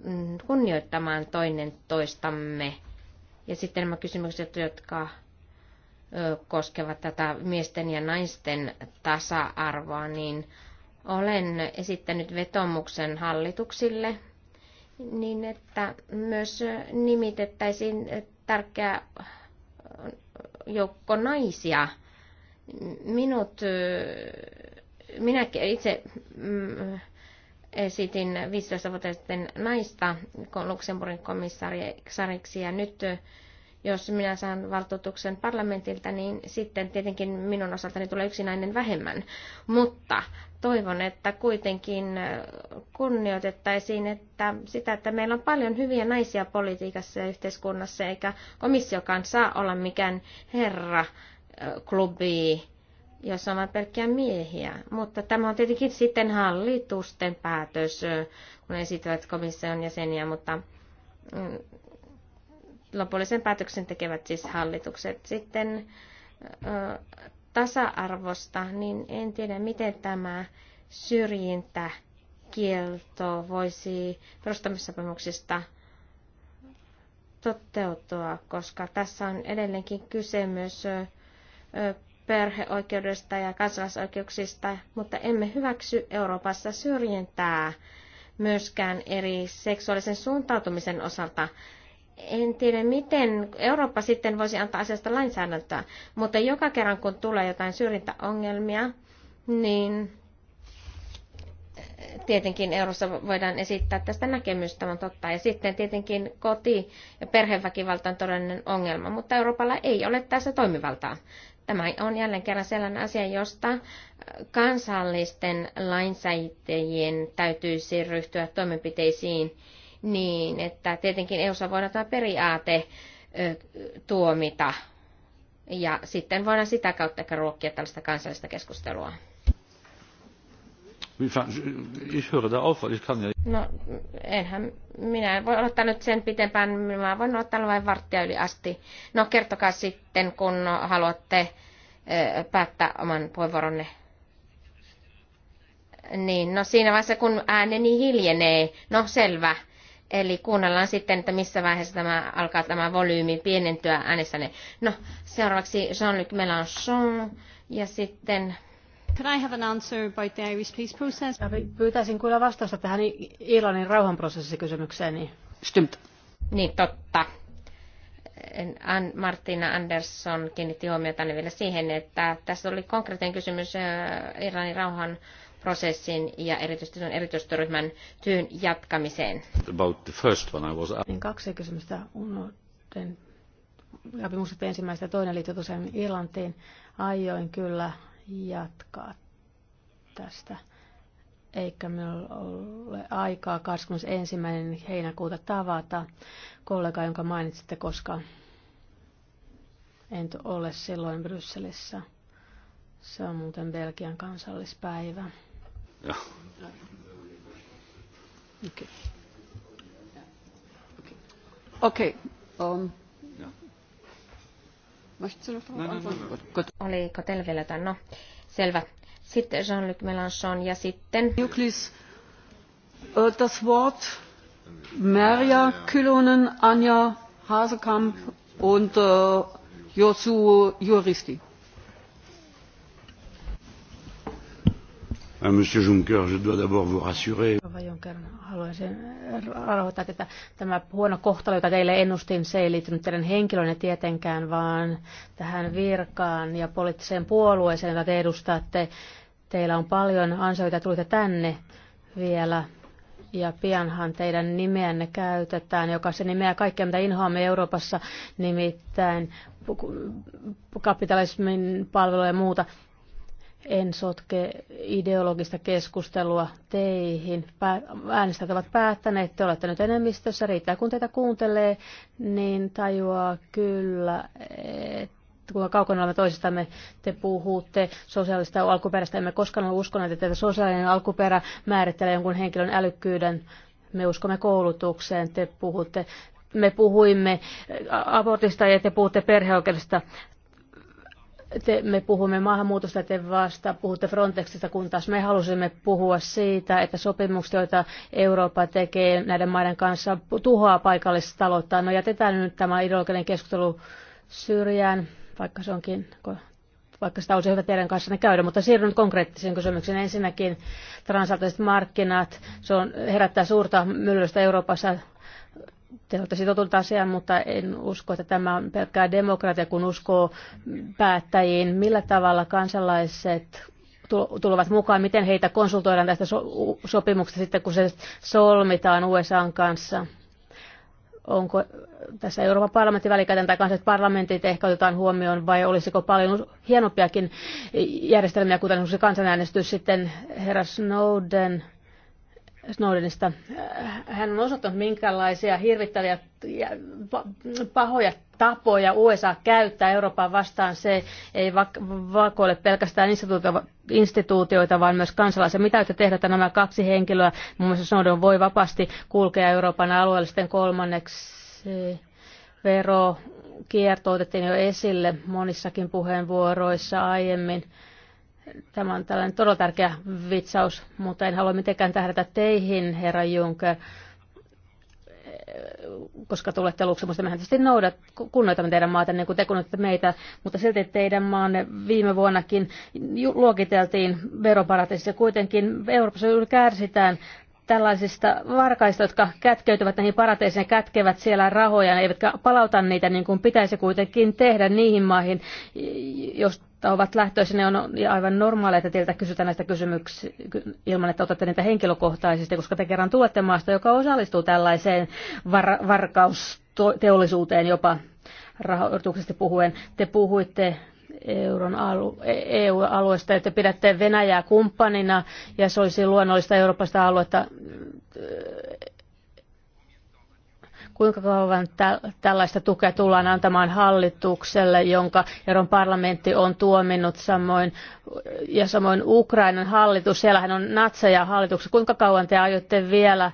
mm, kunnioittamaan toinen toistamme. Ja sitten nämä kysymykset, jotka koskevat tätä miesten ja naisten tasa-arvoa, niin olen esittänyt vetomuksen hallituksille niin, että myös nimitettäisiin tärkeä joukko naisia – Minut, minä itse mm, esitin 15 vuotta sitten naista Luxemburgin komissariksi ja nyt jos minä saan valtuutuksen parlamentilta, niin sitten tietenkin minun osaltani tulee yksi nainen vähemmän. Mutta toivon, että kuitenkin kunnioitettaisiin että sitä, että meillä on paljon hyviä naisia politiikassa ja yhteiskunnassa, eikä komissiokaan saa olla mikään herra klubi, jossa on vain pelkkiä miehiä. Mutta tämä on tietenkin sitten hallitusten päätös, kun esittävät komission jäseniä, mutta mm, lopullisen päätöksen tekevät siis hallitukset. Sitten tasa-arvosta, niin en tiedä, miten tämä syrjintä kielto voisi perustamissopimuksista toteutua, koska tässä on edelleenkin kyse myös perheoikeudesta ja kansalaisoikeuksista, mutta emme hyväksy Euroopassa syrjintää myöskään eri seksuaalisen suuntautumisen osalta. En tiedä, miten Eurooppa sitten voisi antaa asiasta lainsäädäntöä, mutta joka kerran kun tulee jotain syrjintäongelmia, niin tietenkin eurossa voidaan esittää tästä näkemystä, on totta. Ja sitten tietenkin koti- ja perheväkivalta on todellinen ongelma, mutta Euroopalla ei ole tässä toimivaltaa. Tämä on jälleen kerran sellainen asia, josta äh, kansallisten lainsäätäjien täytyisi ryhtyä toimenpiteisiin niin, että tietenkin EUssa voidaan tämä periaate tuomita. Ja sitten voidaan sitä kautta ruokkia tällaista kansallista keskustelua. No, enhän minä en voi odottaa nyt sen pitempään, minä voin odottaa vain varttia yli asti. No, kertokaa sitten, kun haluatte eh, päättää oman puheenvuoronne. Niin, no siinä vaiheessa, kun ääneni niin hiljenee, no selvä. Eli kuunnellaan sitten, että missä vaiheessa tämä alkaa tämä volyymi pienentyä äänessäne. No, seuraavaksi Jean-Luc Mélenchon ja sitten Pyytäisin kyllä vastausta tähän Irlannin rauhanprosessikysymykseen. Niin... Stimmt. Niin, totta. Martina Andersson kiinnitti huomiota vielä siihen, että tässä oli konkreettinen kysymys äh, Irlannin rauhan prosessin ja erityisesti tuon erityistyöryhmän työn jatkamiseen. About the first one I was... Niin kaksi kysymystä unohdin. Läpi ensimmäistä ja toinen liittyy tosiaan Irlantiin. Aioin kyllä jatkaa tästä. Eikä minulla ole aikaa 21. heinäkuuta tavata kollega, jonka mainitsitte, koska en ole silloin Brysselissä. Se on muuten Belgian kansallispäivä. Ja. Okay. Okay. Um. Oliko teillä vielä jotain? No, selvä. Sitten Jean-Luc Mélenchon ja sitten... Juklis, äh, das Wort Merja Kylonen, Anja Hasekamp und äh, Josu Juristi. Euh, Monsieur Juncker, je dois d'abord vous rassurer. haluaisin rauhoittaa että Tämä huono kohtalo, jota teille ennustin, se ei liittynyt teidän henkilönne tietenkään, vaan tähän virkaan ja poliittiseen puolueeseen, jota te edustatte. Teillä on paljon ansioita, tulitte tänne vielä ja pianhan teidän nimeänne käytetään, joka se nimeää kaikkea, mitä inhoamme Euroopassa, nimittäin kapitalismin palveluja ja muuta. En sotke ideologista keskustelua teihin. Äänestäjät ovat päättäneet, te olette nyt enemmistössä, riittää kun teitä kuuntelee, niin tajuaa kyllä, että kuinka kaukana olemme toisistamme, te puhutte sosiaalista alkuperästä. Emme koskaan ole uskoneet, että sosiaalinen alkuperä määrittelee jonkun henkilön älykkyyden. Me uskomme koulutukseen, te puhutte me puhuimme abortista ja te puhutte perheoikeudesta te, me puhumme maahanmuutosta, te vasta puhutte Frontexista, kun taas me halusimme puhua siitä, että sopimukset, joita Eurooppa tekee näiden maiden kanssa, tuhoaa paikallista taloutta. No jätetään nyt tämä ideologinen keskustelu syrjään, vaikka se onkin vaikka sitä olisi hyvä teidän kanssanne käydä, mutta siirryn nyt konkreettisiin kysymyksiin. Ensinnäkin transatlanttiset markkinat, se on, herättää suurta myllystä Euroopassa te olette sitoutuneet asiaan, mutta en usko, että tämä on pelkkää demokratia, kun uskoo päättäjiin. Millä tavalla kansalaiset tulevat mukaan, miten heitä konsultoidaan tästä sopimuksesta sitten, kun se solmitaan USAn kanssa? Onko tässä Euroopan parlamentin välikäytän tai kansalliset parlamentit ehkä otetaan huomioon vai olisiko paljon hienompiakin järjestelmiä, kuten se kansanäänestys sitten herra Snowden – Snowdenista. Hän on osoittanut, minkälaisia hirvittäviä ja pahoja tapoja USA käyttää Euroopan vastaan. Se ei vakoile pelkästään instituutioita, vaan myös kansalaisia. Mitä täytyy tehdä, että nämä kaksi henkilöä, muun muassa Snowden, voi vapaasti kulkea Euroopan alueellisten kolmanneksi vero kierto otettiin jo esille monissakin puheenvuoroissa aiemmin Tämä on tällainen todella tärkeä vitsaus, mutta en halua mitenkään tähdätä teihin, herra Juncker, koska tulette Luxemburgista. Mehän tietysti noudat, kunnoitamme teidän maata niin kuin te kunnoitatte meitä, mutta silti teidän maanne viime vuonnakin luokiteltiin veroparatiisissa. Kuitenkin Euroopassa juuri kärsitään tällaisista varkaista, jotka kätkeytyvät näihin parateisiin ja kätkevät siellä rahoja, eivätkä palauta niitä niin kuin pitäisi kuitenkin tehdä niihin maihin, jos ovat lähtöisin ja on aivan normaalia, että teiltä kysytään näistä kysymyksiä ilman, että otatte niitä henkilökohtaisesti, koska te kerran tulette maasta, joka osallistuu tällaiseen var- varkausteollisuuteen jopa rahoituksesta puhuen. Te puhuitte euron alu, EU-alueesta että pidätte Venäjää kumppanina ja se olisi luonnollista Euroopasta aluetta Kuinka kauan tällaista tukea tullaan antamaan hallitukselle, jonka Euroopan parlamentti on tuominnut samoin, ja samoin Ukrainan hallitus, siellähän on natseja hallituksessa. Kuinka kauan te aiotte vielä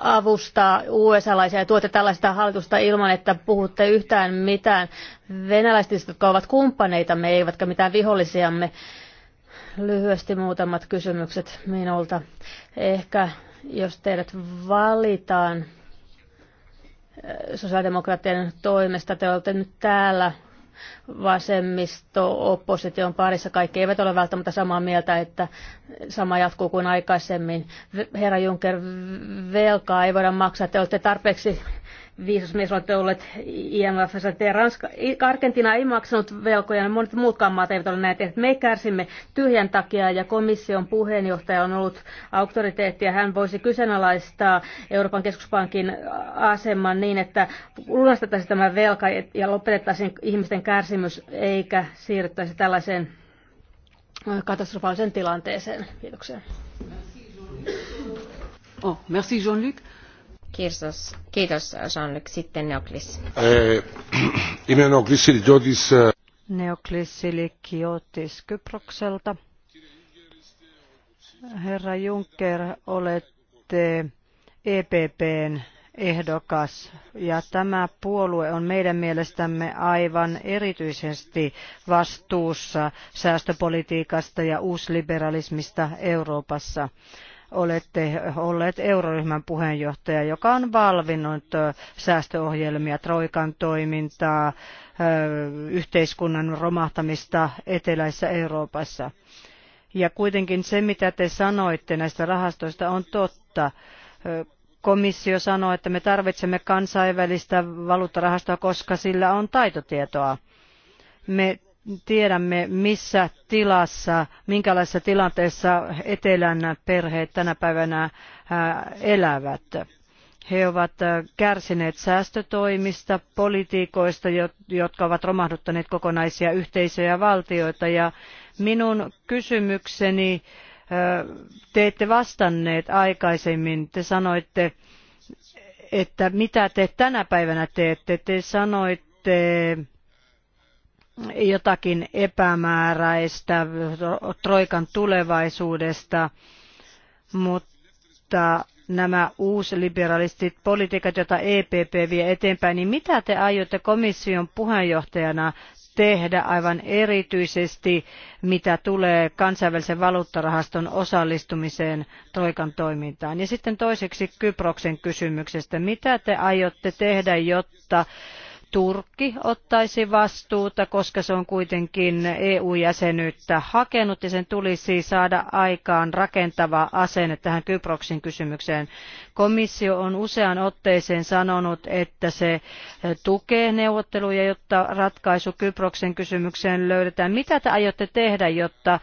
avustaa USA-laisia ja tuotte tällaista hallitusta ilman, että puhutte yhtään mitään venäläisistä, jotka ovat kumppaneitamme, eivätkä mitään vihollisiamme. Lyhyesti muutamat kysymykset minulta. Ehkä jos teidät valitaan eh, sosiaalidemokraattien toimesta, te olette nyt täällä vasemmisto-opposition parissa. Kaikki eivät ole välttämättä samaa mieltä, että sama jatkuu kuin aikaisemmin. Herra Juncker, velkaa ei voida maksaa. Te olette tarpeeksi viisas mies olette olleet IMF, että Ranska, Argentina ei maksanut velkoja, ja niin monet muutkaan maat eivät ole näitä. Me kärsimme tyhjän takia ja komission puheenjohtaja on ollut auktoriteetti ja hän voisi kyseenalaistaa Euroopan keskuspankin aseman niin, että lunastettaisiin tämä velka ja lopetettaisiin ihmisten kärsimys eikä siirryttäisi tällaiseen katastrofaaliseen tilanteeseen. Kiitoksia. Oh, merci Jean-Luc. Kiitos, kiitos Jean-Luc. Sitten Neoklis. Eh, Imen Neoklis Siljotis. Eh. Neoklis Kyprokselta. Herra Juncker, olette EPPn ehdokas ja tämä puolue on meidän mielestämme aivan erityisesti vastuussa säästöpolitiikasta ja uusliberalismista Euroopassa olette olleet euroryhmän puheenjohtaja, joka on valvinnut säästöohjelmia, Troikan toimintaa, yhteiskunnan romahtamista eteläisessä Euroopassa. Ja kuitenkin se, mitä te sanoitte näistä rahastoista, on totta komissio sanoo, että me tarvitsemme kansainvälistä valuuttarahastoa, koska sillä on taitotietoa. Me tiedämme, missä tilassa, minkälaisessa tilanteessa etelän perheet tänä päivänä äh, elävät. He ovat äh, kärsineet säästötoimista, politiikoista, jotka ovat romahduttaneet kokonaisia yhteisöjä ja valtioita. Ja minun kysymykseni, äh, te ette vastanneet aikaisemmin, te sanoitte, että mitä te tänä päivänä teette. Te sanoitte, jotakin epämääräistä Troikan tulevaisuudesta, mutta nämä uusliberalistit politiikat, joita EPP vie eteenpäin, niin mitä te aiotte komission puheenjohtajana tehdä aivan erityisesti, mitä tulee kansainvälisen valuuttarahaston osallistumiseen Troikan toimintaan? Ja sitten toiseksi Kyproksen kysymyksestä. Mitä te aiotte tehdä, jotta Turkki ottaisi vastuuta, koska se on kuitenkin EU-jäsenyyttä hakenut ja sen tulisi saada aikaan rakentava asenne tähän Kyproksin kysymykseen. Komissio on usean otteeseen sanonut, että se tukee neuvotteluja, jotta ratkaisu Kyproksen kysymykseen löydetään. Mitä te aiotte tehdä, jotta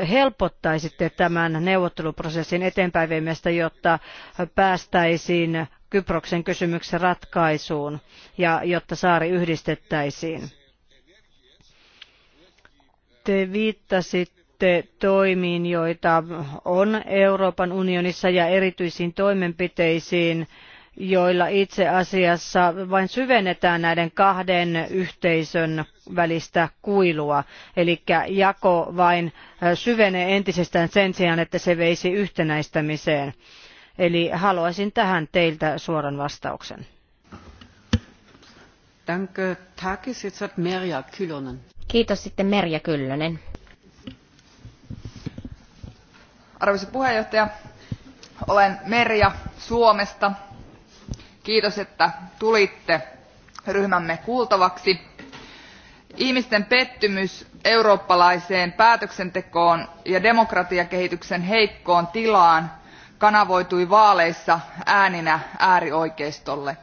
eh, helpottaisitte tämän neuvotteluprosessin eteenpäin jotta päästäisiin Kyproksen kysymyksen ratkaisuun ja jotta saari yhdistettäisiin. Te viittasitte toimiin, joita on Euroopan unionissa ja erityisiin toimenpiteisiin, joilla itse asiassa vain syvennetään näiden kahden yhteisön välistä kuilua. Eli jako vain syvenee entisestään sen sijaan, että se veisi yhtenäistämiseen. Eli haluaisin tähän teiltä suoran vastauksen. Danke. Merja Kyllönen. Kiitos sitten Merja Kyllönen. Arvoisa puheenjohtaja, olen Merja Suomesta. Kiitos, että tulitte ryhmämme kuultavaksi. Ihmisten pettymys eurooppalaiseen päätöksentekoon ja demokratiakehityksen heikkoon tilaan kanavoitui vaaleissa ääninä äärioikeistolle.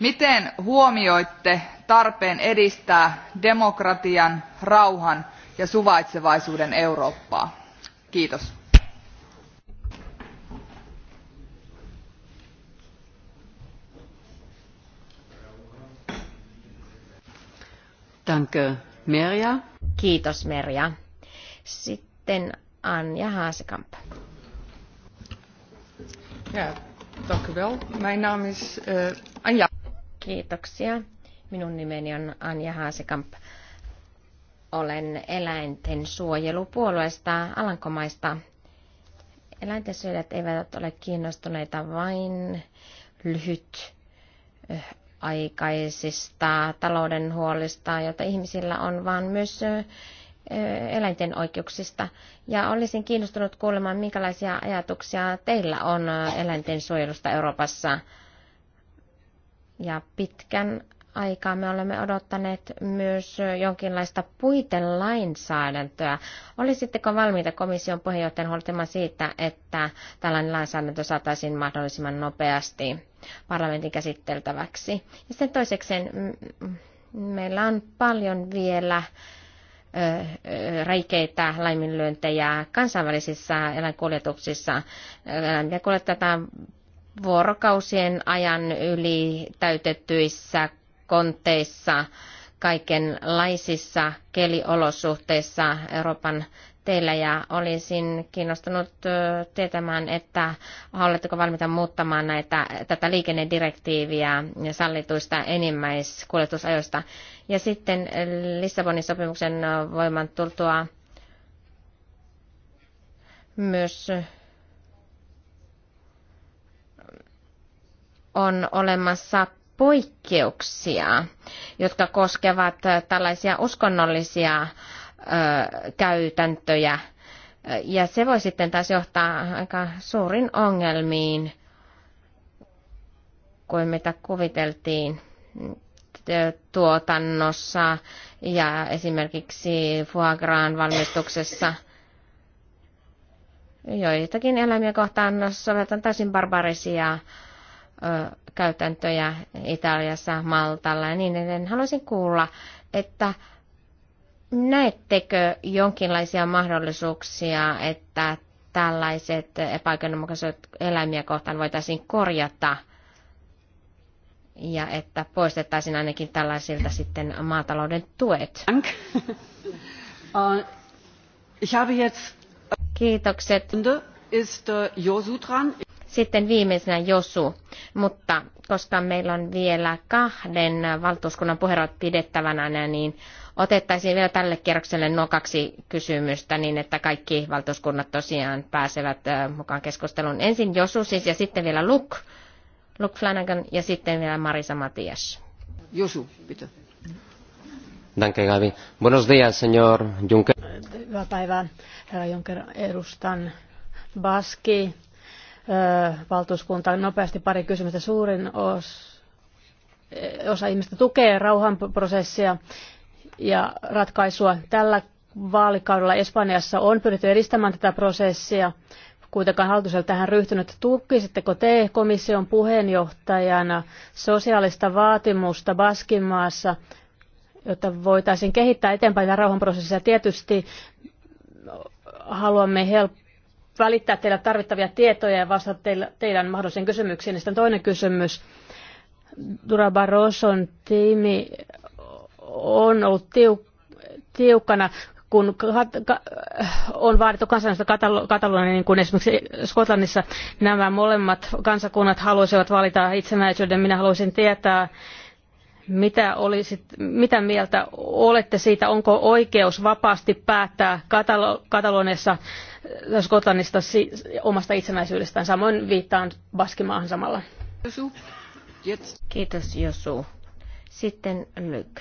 miten huomioitte tarpeen edistää demokratian rauhan ja suvaitsevaisuuden eurooppaa? kiitos. Danke, Merja. Kiitos, Merja. Sitten Anja Haasekamp. Eh, Kiitoksia. Minun nimeni on Anja Haasekamp. Olen eläinten suojelupuolueesta Alankomaista. Eläintensuojelijat eivät ole kiinnostuneita vain lyhyt eh, aikaisista talouden huolista, jota ihmisillä on, vaan myös eh, eläinten oikeuksista. Ja olisin kiinnostunut kuulemaan, minkälaisia ajatuksia teillä on eläinten suojelusta Euroopassa. Ja pitkän aikaa me olemme odottaneet myös jonkinlaista puitelainsäädäntöä. Olisitteko valmiita komission puheenjohtajan huolehtimaan siitä, että tällainen lainsäädäntö saataisiin mahdollisimman nopeasti parlamentin käsiteltäväksi? Ja sitten toisekseen meillä on paljon vielä räikeitä laiminlyöntejä kansainvälisissä eläinkuljetuksissa. Eläimiä kuljetetaan vuorokausien ajan yli täytettyissä konteissa, kaikenlaisissa keliolosuhteissa Euroopan teillä ja olisin kiinnostunut tietämään, että oletteko valmiita muuttamaan näitä, tätä liikennedirektiiviä ja sallituista enimmäiskuljetusajoista. Ja sitten Lissabonin sopimuksen voiman tultua myös on olemassa poikkeuksia, jotka koskevat tällaisia uskonnollisia käytäntöjä. Ja se voi sitten taas johtaa aika suurin ongelmiin, kuin mitä kuviteltiin tuotannossa ja esimerkiksi foie gras valmistuksessa. Joitakin eläimiä kohtaan sovelletaan täysin barbarisia käytäntöjä Italiassa, Maltalla ja niin edelleen. Haluaisin kuulla, että Näettekö jonkinlaisia mahdollisuuksia, että tällaiset epäoikeudenmukaiset eläimiä kohtaan voitaisiin korjata ja että poistettaisiin ainakin tällaisilta sitten maatalouden tuet? Äh, Kiitokset. Äh, sitten viimeisenä Josu, mutta koska meillä on vielä kahden valtuuskunnan puheenjohtajan pidettävänä, niin otettaisiin vielä tälle kierrokselle nuo kaksi kysymystä niin, että kaikki valtuuskunnat tosiaan pääsevät mukaan keskusteluun. Ensin Josu siis ja sitten vielä Luke, Luke Flanagan ja sitten vielä Marisa Matias. Josu, pitää. Danke, Gavi. Buenos días, señor Juncker. Hyvää päivää, herra Juncker. Edustan Baski valtuuskunta. Nopeasti pari kysymystä. Suurin os, osa ihmistä tukee rauhanprosessia ja ratkaisua. Tällä vaalikaudella Espanjassa on pyritty edistämään tätä prosessia. Kuitenkaan hallitus ei tähän ryhtynyt. Tukisitteko te komission puheenjohtajana sosiaalista vaatimusta Baskimaassa, jotta voitaisiin kehittää eteenpäin tämän rauhanprosessia? Tietysti haluamme helppoa välittää teille tarvittavia tietoja ja vastata teille, teidän mahdollisiin kysymyksiin. Sitten toinen kysymys. Dura Barroson tiimi on ollut tiukkana kun on vaadittu kansallista Katalonia, niin kuin esimerkiksi Skotlannissa nämä molemmat kansakunnat haluaisivat valita itsenäisyyden. Minä haluaisin tietää, mitä, olisit, mitä mieltä olette siitä, onko oikeus vapaasti päättää Katalo- Kataloniassa äh, Skotlannista omasta itsenäisyydestään. Samoin viittaan Baskimaahan samalla. Kiitos Josu. Sitten Lyk.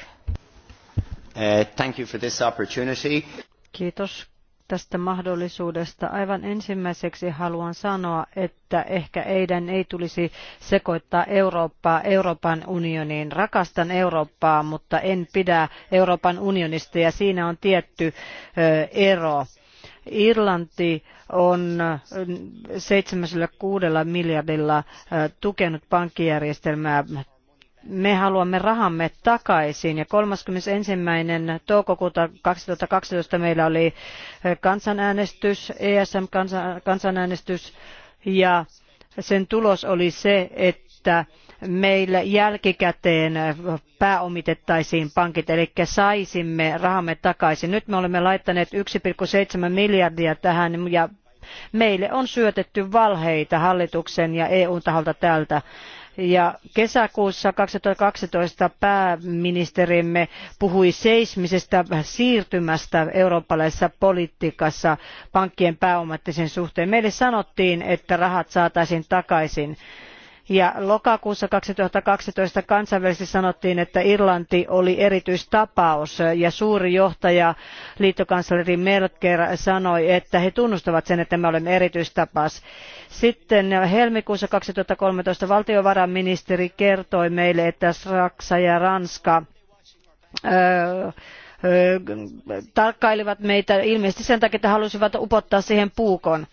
Uh, thank you for this opportunity. Kiitos tästä mahdollisuudesta. Aivan ensimmäiseksi haluan sanoa, että ehkä eidän ei tulisi sekoittaa Eurooppaa Euroopan unioniin. Rakastan Eurooppaa, mutta en pidä Euroopan unionista ja siinä on tietty uh, ero. Irlanti on 76 uh, miljardilla tukenut pankkijärjestelmää me haluamme rahamme takaisin. Ja 31. toukokuuta 2012 meillä oli kansanäänestys, ESM-kansanäänestys, ja sen tulos oli se, että meillä jälkikäteen pääomitettaisiin pankit, eli saisimme rahamme takaisin. Nyt me olemme laittaneet 1,7 miljardia tähän ja meille on syötetty valheita hallituksen ja eu taholta tältä ja kesäkuussa kaksitoista pääministerimme puhui seismisestä siirtymästä eurooppalaisessa politiikassa pankkien pääomittamisen suhteen. Meille sanottiin, että rahat saataisiin takaisin ja lokakuussa kaksituhatta kaksitoista kansainvälisesti sanottiin että irlanti oli erityistapaus ja suuri johtaja liittokansleri merkel sanoi että he tunnustavat sen että me olemme erityistapaus. sitten helmikuussa kaksituhatta kolmetoista valtiovarainministeri kertoi meille että saksa ja ranska tarkkailivat meitä ilmeisesti sen takia että halusivat upottaa siihen puukon.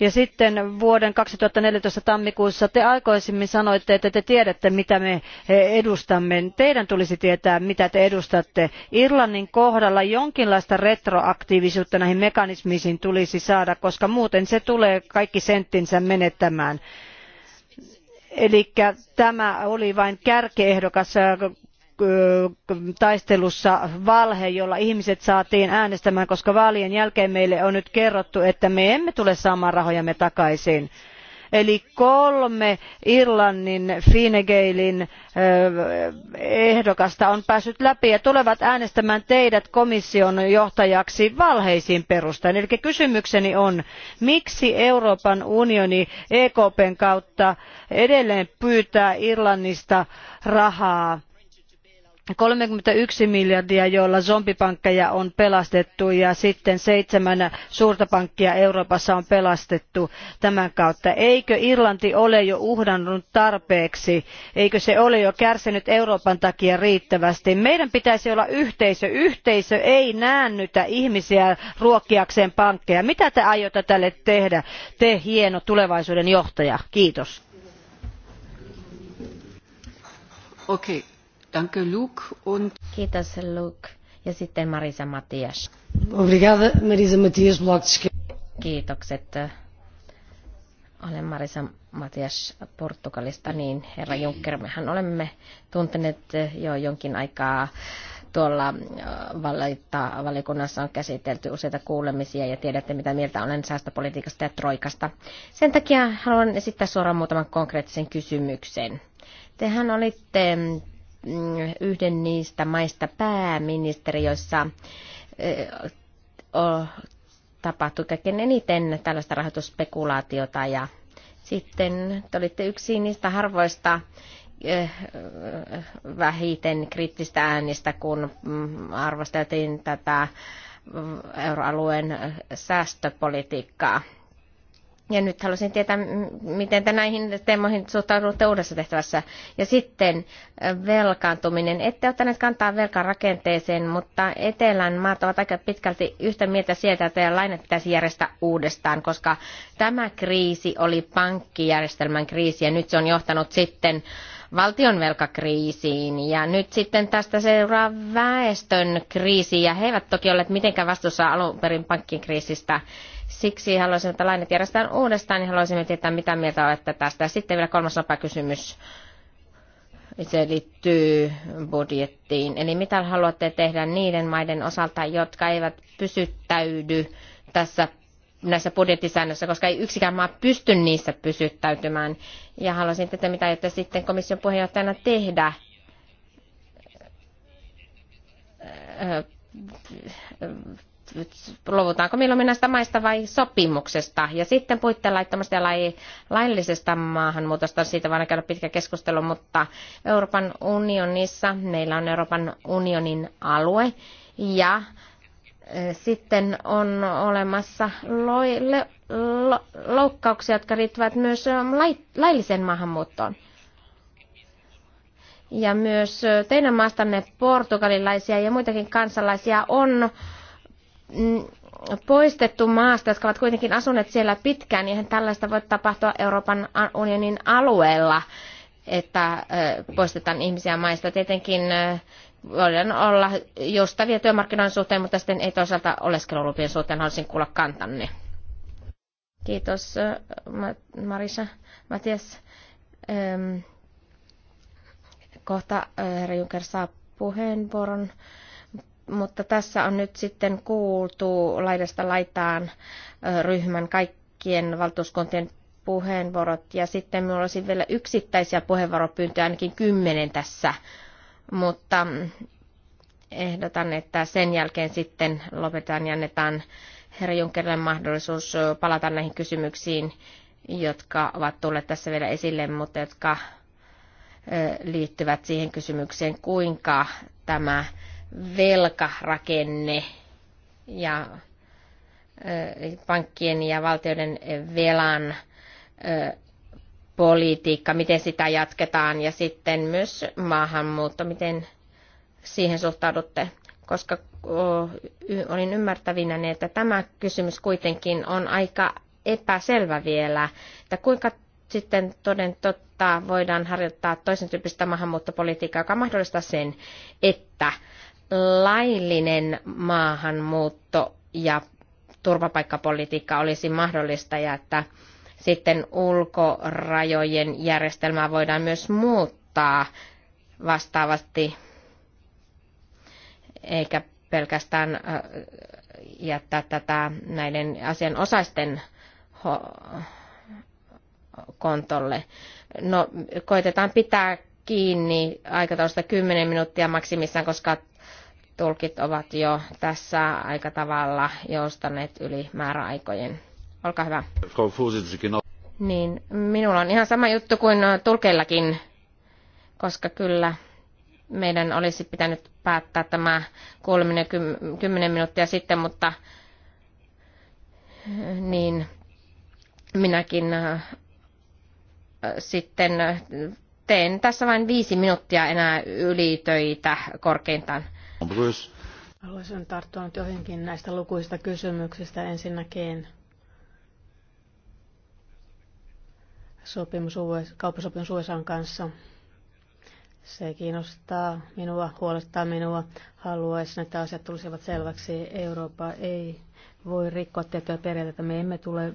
Ja sitten vuoden neljätoista tammikuussa te aikaisemmin sanoitte, että te tiedätte mitä me eh, edustamme. Teidän tulisi tietää mitä te edustatte. Irlannin kohdalla jonkinlaista retroaktiivisuutta näihin mekanismiin tulisi saada, koska muuten se tulee kaikki senttinsä menettämään. Eli tämä oli vain kärkeehdokas taistelussa valhe jolla ihmiset saatiin äänestämään koska vaalien jälkeen meille on nyt kerrottu että me emme tule saamaan rahojamme takaisin. eli kolme irlannin fine gaelin ehdokasta on päässyt läpi ja tulevat äänestämään teidät komission johtajaksi valheisiin perustein. eli kysymykseni on miksi euroopan unioni ekpn kautta edelleen pyytää irlannista rahaa? kolmekymmentäyksi miljardia jolla zombipankkeja on pelastettu ja sitten seitsemän suurta pankkia euroopassa on pelastettu tämän kautta. eikö irlanti ole jo uhrannut tarpeeksi eikö se ole jo kärsinyt euroopan takia riittävästi? meidän pitäisi olla yhteisö. yhteisö ei näännytä ihmisiä ruokkiakseen pankkeja. mitä te aiotte tälle tehdä te hieno tulevaisuuden johtaja? kiitos. Okay. Danke, Luke. Und Kiitos, Luke. Ja sitten Marisa Matias. Obrigada, Marisa Matias, Block Kiitokset. Olen Marisa Matias Portugalista, niin herra Juncker, mehän olemme tunteneet jo jonkin aikaa tuolla äh, valita, valiokunnassa on käsitelty useita kuulemisia ja tiedätte, mitä mieltä olen säästöpolitiikasta ja troikasta. Sen takia haluan esittää suoraan muutaman konkreettisen kysymyksen. Tehän olitte Mm, yhden niistä maista pääministeri, jossa tapahtui kaikkein eniten tällaista rahoitusspekulaatiota ja sitten te olitte yksi niistä harvoista vähiten kriittistä äänistä, kun mm, arvosteltiin tätä euroalueen säästöpolitiikkaa. Ja nyt haluaisin tietää, miten te näihin teemoihin suhtaudutte uudessa tehtävässä. Ja sitten velkaantuminen. Ette ottaneet kantaa velkarakenteeseen, mutta etelän maat ovat aika pitkälti yhtä mieltä sieltä, että lainat pitäisi järjestää uudestaan, koska tämä kriisi oli pankkijärjestelmän kriisi ja nyt se on johtanut sitten valtion velkakriisiin ja nyt sitten tästä seuraa väestön kriisi ja he eivät toki olleet mitenkään vastuussa alun perin pankkikriisistä. kriisistä Siksi haluaisin, että lainat järjestetään uudestaan, niin haluaisimme tietää, mitä mieltä olette tästä. Sitten vielä kolmas kysymys. Se liittyy budjettiin. Eli mitä haluatte tehdä niiden maiden osalta, jotka eivät pysyttäydy tässä näissä budjettisäännöissä, koska ei yksikään maa pysty niissä pysyttäytymään. Ja haluaisin tätä, mitä aiotte sitten komission puheenjohtajana tehdä äh, luovutaanko milloin näistä maista vai sopimuksesta. Ja sitten puitteen laittomasta ja lai, laillisesta maahanmuutosta, siitä voidaan käydä pitkä keskustelu, mutta Euroopan unionissa meillä on Euroopan unionin alue ja e, sitten on olemassa loille, lo, loukkauksia, jotka liittyvät myös e, lailliseen maahanmuuttoon. Ja myös e, teidän maastanne portugalilaisia ja muitakin kansalaisia on Mm, poistettu maasta, jotka ovat kuitenkin asuneet siellä pitkään, niin tällaista voi tapahtua Euroopan unionin alueella, että poistetaan ihmisiä maista. Tietenkin voidaan olla jostavia työmarkkinoiden suhteen, mutta sitten ei toisaalta oleskelulupien suhteen haluaisin kuulla kantanne. Kiitos Marisa, Matias. Kohta herra Juncker saa puheenvuoron mutta tässä on nyt sitten kuultu laidasta laitaan ryhmän kaikkien valtuuskuntien puheenvuorot. Ja sitten minulla olisi vielä yksittäisiä puheenvuoropyyntöjä, ainakin kymmenen tässä. Mutta mm, ehdotan, että sen jälkeen sitten lopetetaan ja annetaan herra Junckerille mahdollisuus palata näihin kysymyksiin, jotka ovat tulleet tässä vielä esille, mutta jotka liittyvät siihen kysymykseen, kuinka tämä velkarakenne ja pankkien ja valtioiden velan politiikka, miten sitä jatketaan ja sitten myös maahanmuutto, miten siihen suhtaudutte, koska olin ymmärtävinä, niin, että tämä kysymys kuitenkin on aika epäselvä vielä, että kuinka sitten toden totta voidaan harjoittaa toisen tyyppistä maahanmuuttopolitiikkaa, joka mahdollistaa sen, että laillinen maahanmuutto ja turvapaikkapolitiikka olisi mahdollista ja että sitten ulkorajojen järjestelmää voidaan myös muuttaa vastaavasti, eikä pelkästään jättää tätä näiden asianosaisten kontolle. No, koitetaan pitää kiinni aikataulusta 10 minuuttia maksimissaan, koska tulkit ovat jo tässä aika tavalla joustaneet yli määräaikojen. Olkaa hyvä. Niin, minulla on ihan sama juttu kuin tulkeillakin, koska kyllä meidän olisi pitänyt päättää tämä 10 minuuttia sitten, mutta niin minäkin äh, sitten teen tässä vain viisi minuuttia enää ylitöitä korkeintaan. Haluaisin tarttua nyt joihinkin näistä lukuisista kysymyksistä ensinnäkin. Sopimus US, kauppasopimus USA kanssa. Se kiinnostaa minua, huolestaa minua. Haluaisin, että asiat tulisivat selväksi. Eurooppa ei voi rikkoa tiettyjä periaatteita. Me emme tule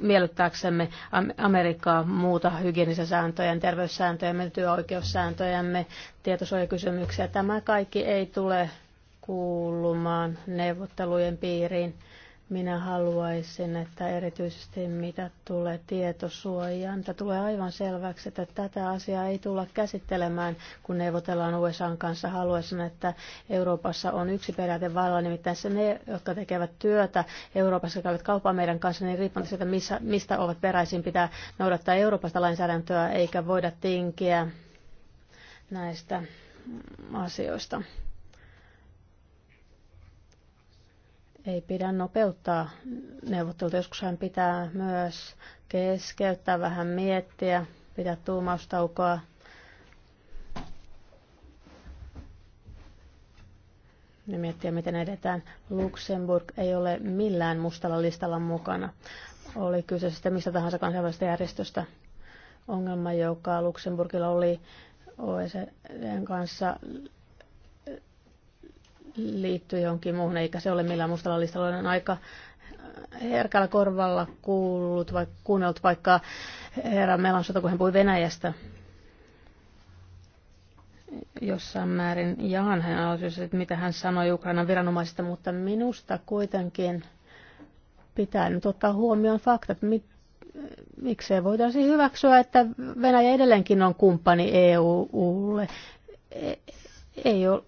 miellyttääksemme Amerikkaa muuta hygienisen sääntöjä, terveyssääntöjen, työoikeussääntöjämme, tietosuojakysymyksiä. Tämä kaikki ei tule kuulumaan neuvottelujen piiriin minä haluaisin, että erityisesti mitä tulee tietosuojaan, että tulee aivan selväksi, että tätä asiaa ei tulla käsittelemään, kun neuvotellaan USA kanssa. Haluaisin, että Euroopassa on yksi periaate vallalla, nimittäin se ne, jotka tekevät työtä Euroopassa, jotka ovat kauppaa meidän kanssa, niin riippumatta siitä, missä, mistä ovat peräisin, pitää noudattaa Euroopasta lainsäädäntöä, eikä voida tinkiä näistä asioista. ei pidä nopeuttaa Joskus hän pitää myös keskeyttää, vähän miettiä, pitää tuumaustaukoa. Ja miettiä, miten edetään. Luxemburg ei ole millään mustalla listalla mukana. Oli kyse sitten mistä tahansa kansainvälisestä järjestöstä. Ongelma, joka Luxemburgilla oli OECDn kanssa liittyy johonkin muuhun, eikä se ole millään mustalla listalla. Olen aika herkällä korvalla kuullut, vai kuunnellut vaikka herran Melansota, kun hän puhui Venäjästä jossain määrin jaan hän analyysissä, että mitä hän sanoi Ukrainan viranomaisista, mutta minusta kuitenkin pitää nyt ottaa huomioon faktat, mit, miksei voitaisiin hyväksyä, että Venäjä edelleenkin on kumppani EUlle. E-, ei ole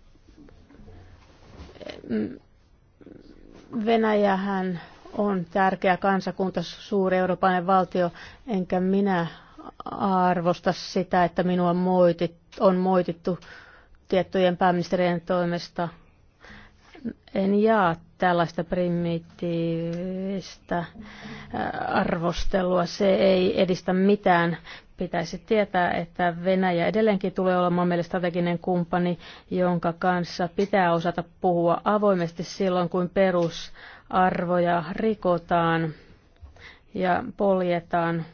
Venäjähän on tärkeä kansakunta, suuri eurooppalainen valtio, enkä minä arvosta sitä, että minua moitit, on moitittu tiettyjen pääministerien toimesta – en jaa tällaista primitiivistä äh, arvostelua. Se ei edistä mitään. Pitäisi tietää, että Venäjä edelleenkin tulee olemaan meille strateginen kumppani, jonka kanssa pitää osata puhua avoimesti silloin, kun perusarvoja rikotaan ja poljetaan.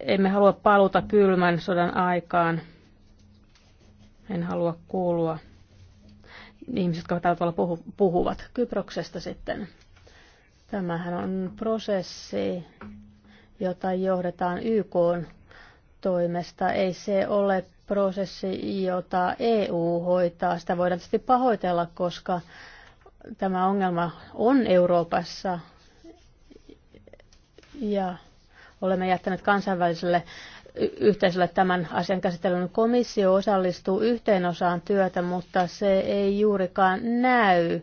Emme halua paluta kylmän sodan aikaan. En halua kuulua ihmiset, jotka täällä tavalla puhuvat. Kyproksesta sitten. Tämähän on prosessi, jota johdetaan YK toimesta. Ei se ole prosessi, jota EU hoitaa. Sitä voidaan tietysti pahoitella, koska tämä ongelma on Euroopassa ja olemme jättäneet kansainväliselle yhteisölle tämän asian käsittelyn. Komissio osallistuu yhteen osaan työtä, mutta se ei juurikaan näy.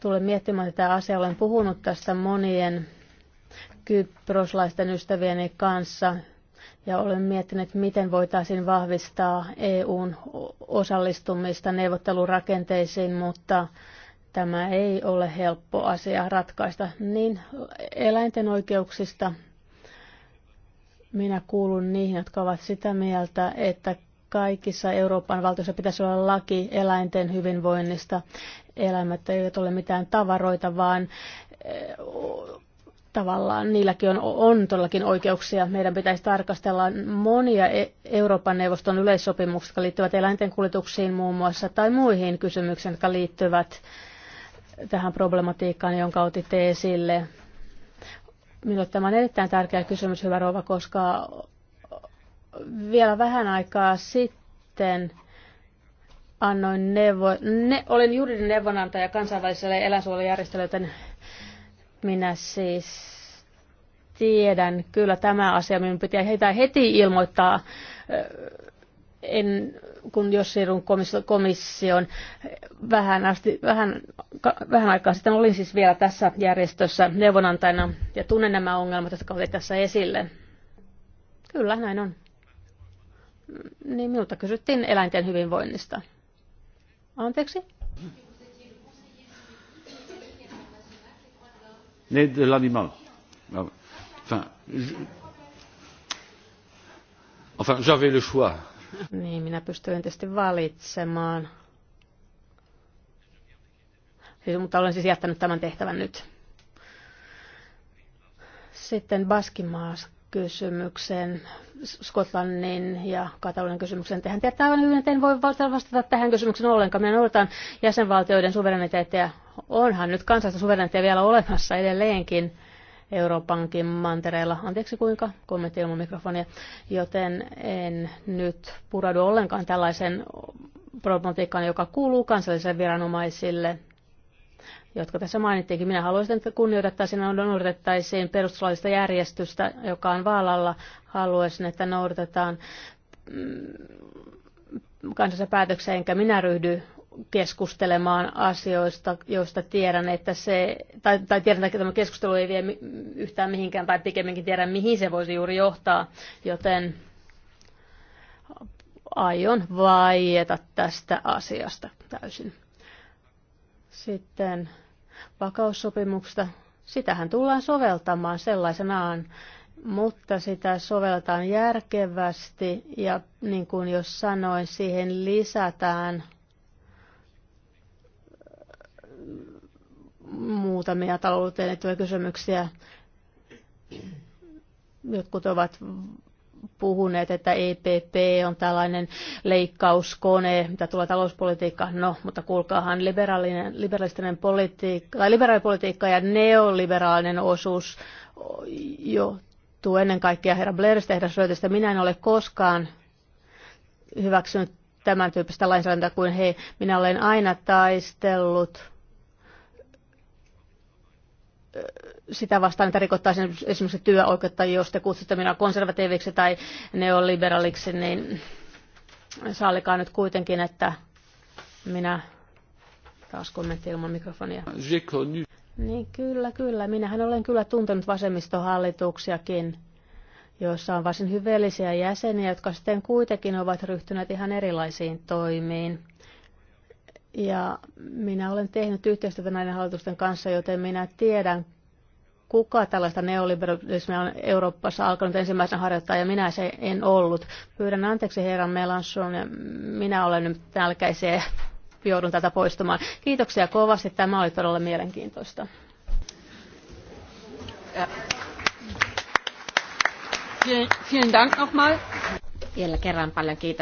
Tulen miettimään tätä asiaa. Olen puhunut tästä monien kyproslaisten ystävieni kanssa ja olen miettinyt, miten voitaisiin vahvistaa EUn osallistumista neuvottelurakenteisiin, mutta tämä ei ole helppo asia ratkaista. Niin eläinten oikeuksista minä kuulun niihin, jotka ovat sitä mieltä, että kaikissa Euroopan valtioissa pitäisi olla laki eläinten hyvinvoinnista. Elämät eivät ole mitään tavaroita, vaan eh, tavallaan niilläkin on, on todellakin oikeuksia. Meidän pitäisi tarkastella monia e- Euroopan neuvoston yleissopimuksia, jotka liittyvät eläinten kuljetuksiin muun muassa, tai muihin kysymyksiin, jotka liittyvät tähän problematiikkaan, jonka otitte esille Minulle tämä on erittäin tärkeä kysymys, hyvä rouva, koska vielä vähän aikaa sitten annoin neuvo, ne, olen juridinen neuvonantaja kansainväliselle eläinsuojelujärjestölle, joten minä siis tiedän kyllä tämä asia. Minun pitää heitä heti ilmoittaa. En kun jos siirryn komission vähän, asti, vähän, vähän aikaa sitten olin siis vielä tässä järjestössä neuvonantajana ja tunnen nämä ongelmat, jotka olivat tässä esille. Kyllä, näin on. Niin minulta kysyttiin eläinten hyvinvoinnista. Anteeksi? Ne de l'animal. Ah, enfin, j'avais le choix niin, minä pystyin tietysti valitsemaan. Siis, mutta olen siis jättänyt tämän tehtävän nyt. Sitten Baskimaas kysymyksen, Skotlannin ja Katalonian kysymyksen. Tehän tietää aivan hyvin, että en voi vastata tähän kysymykseen ollenkaan. meidän noudataan jäsenvaltioiden suvereniteettia. Onhan nyt kansallista suvereniteettia vielä olemassa edelleenkin Euroopankin mantereella. Anteeksi kuinka, kommentti ilman mikrofonia. Joten en nyt puraudu ollenkaan tällaisen problematiikkaan, joka kuuluu kansallisille viranomaisille jotka tässä mainittiinkin. Minä haluaisin, että kunnioitettaisiin ja noudatettaisiin perustuslaillista järjestystä, joka on vaalalla. Haluaisin, että noudatetaan mm, kansallisen päätöksen, enkä minä ryhdy keskustelemaan asioista, joista tiedän, että se, tai, tai tiedän, että tämä keskustelu ei vie yhtään mihinkään, tai pikemminkin tiedän, mihin se voisi juuri johtaa, joten aion vaieta tästä asiasta täysin. Sitten vakaussopimuksesta. Sitähän tullaan soveltamaan sellaisenaan, mutta sitä sovelletaan järkevästi ja niin kuin jos sanoin, siihen lisätään – muutamia talouteen liittyviä kysymyksiä. Jotkut ovat puhuneet, että EPP on tällainen leikkauskone, mitä tulee talouspolitiikka. No, mutta kuulkaahan liberaalinen, liberalistinen politiikka, tai liberaalipolitiikka ja neoliberaalinen osuus jo tuu ennen kaikkea herra Blairista ja herra Minä en ole koskaan hyväksynyt tämän tyyppistä lainsäädäntöä kuin he. Minä olen aina taistellut sitä vastaan, että rikottaisiin esimerkiksi työoikeutta, jos te kutsutte minua konservatiiviksi tai neoliberaliksi, niin sallikaa nyt kuitenkin, että minä taas kommentti ilman mikrofonia. Niin kyllä, kyllä. Minähän olen kyllä tuntenut vasemmistohallituksiakin, joissa on varsin hyvällisiä jäseniä, jotka sitten kuitenkin ovat ryhtyneet ihan erilaisiin toimiin ja minä olen tehnyt yhteistyötä näiden hallitusten kanssa, joten minä tiedän, kuka tällaista neoliberalismia on Euroopassa alkanut ensimmäisenä harjoittaa, ja minä se en ollut. Pyydän anteeksi herran Melanson, ja minä olen nyt nälkäisiä ja joudun tätä poistumaan. Kiitoksia kovasti, tämä oli todella mielenkiintoista. Ja. Vielä kerran paljon kiitoksia.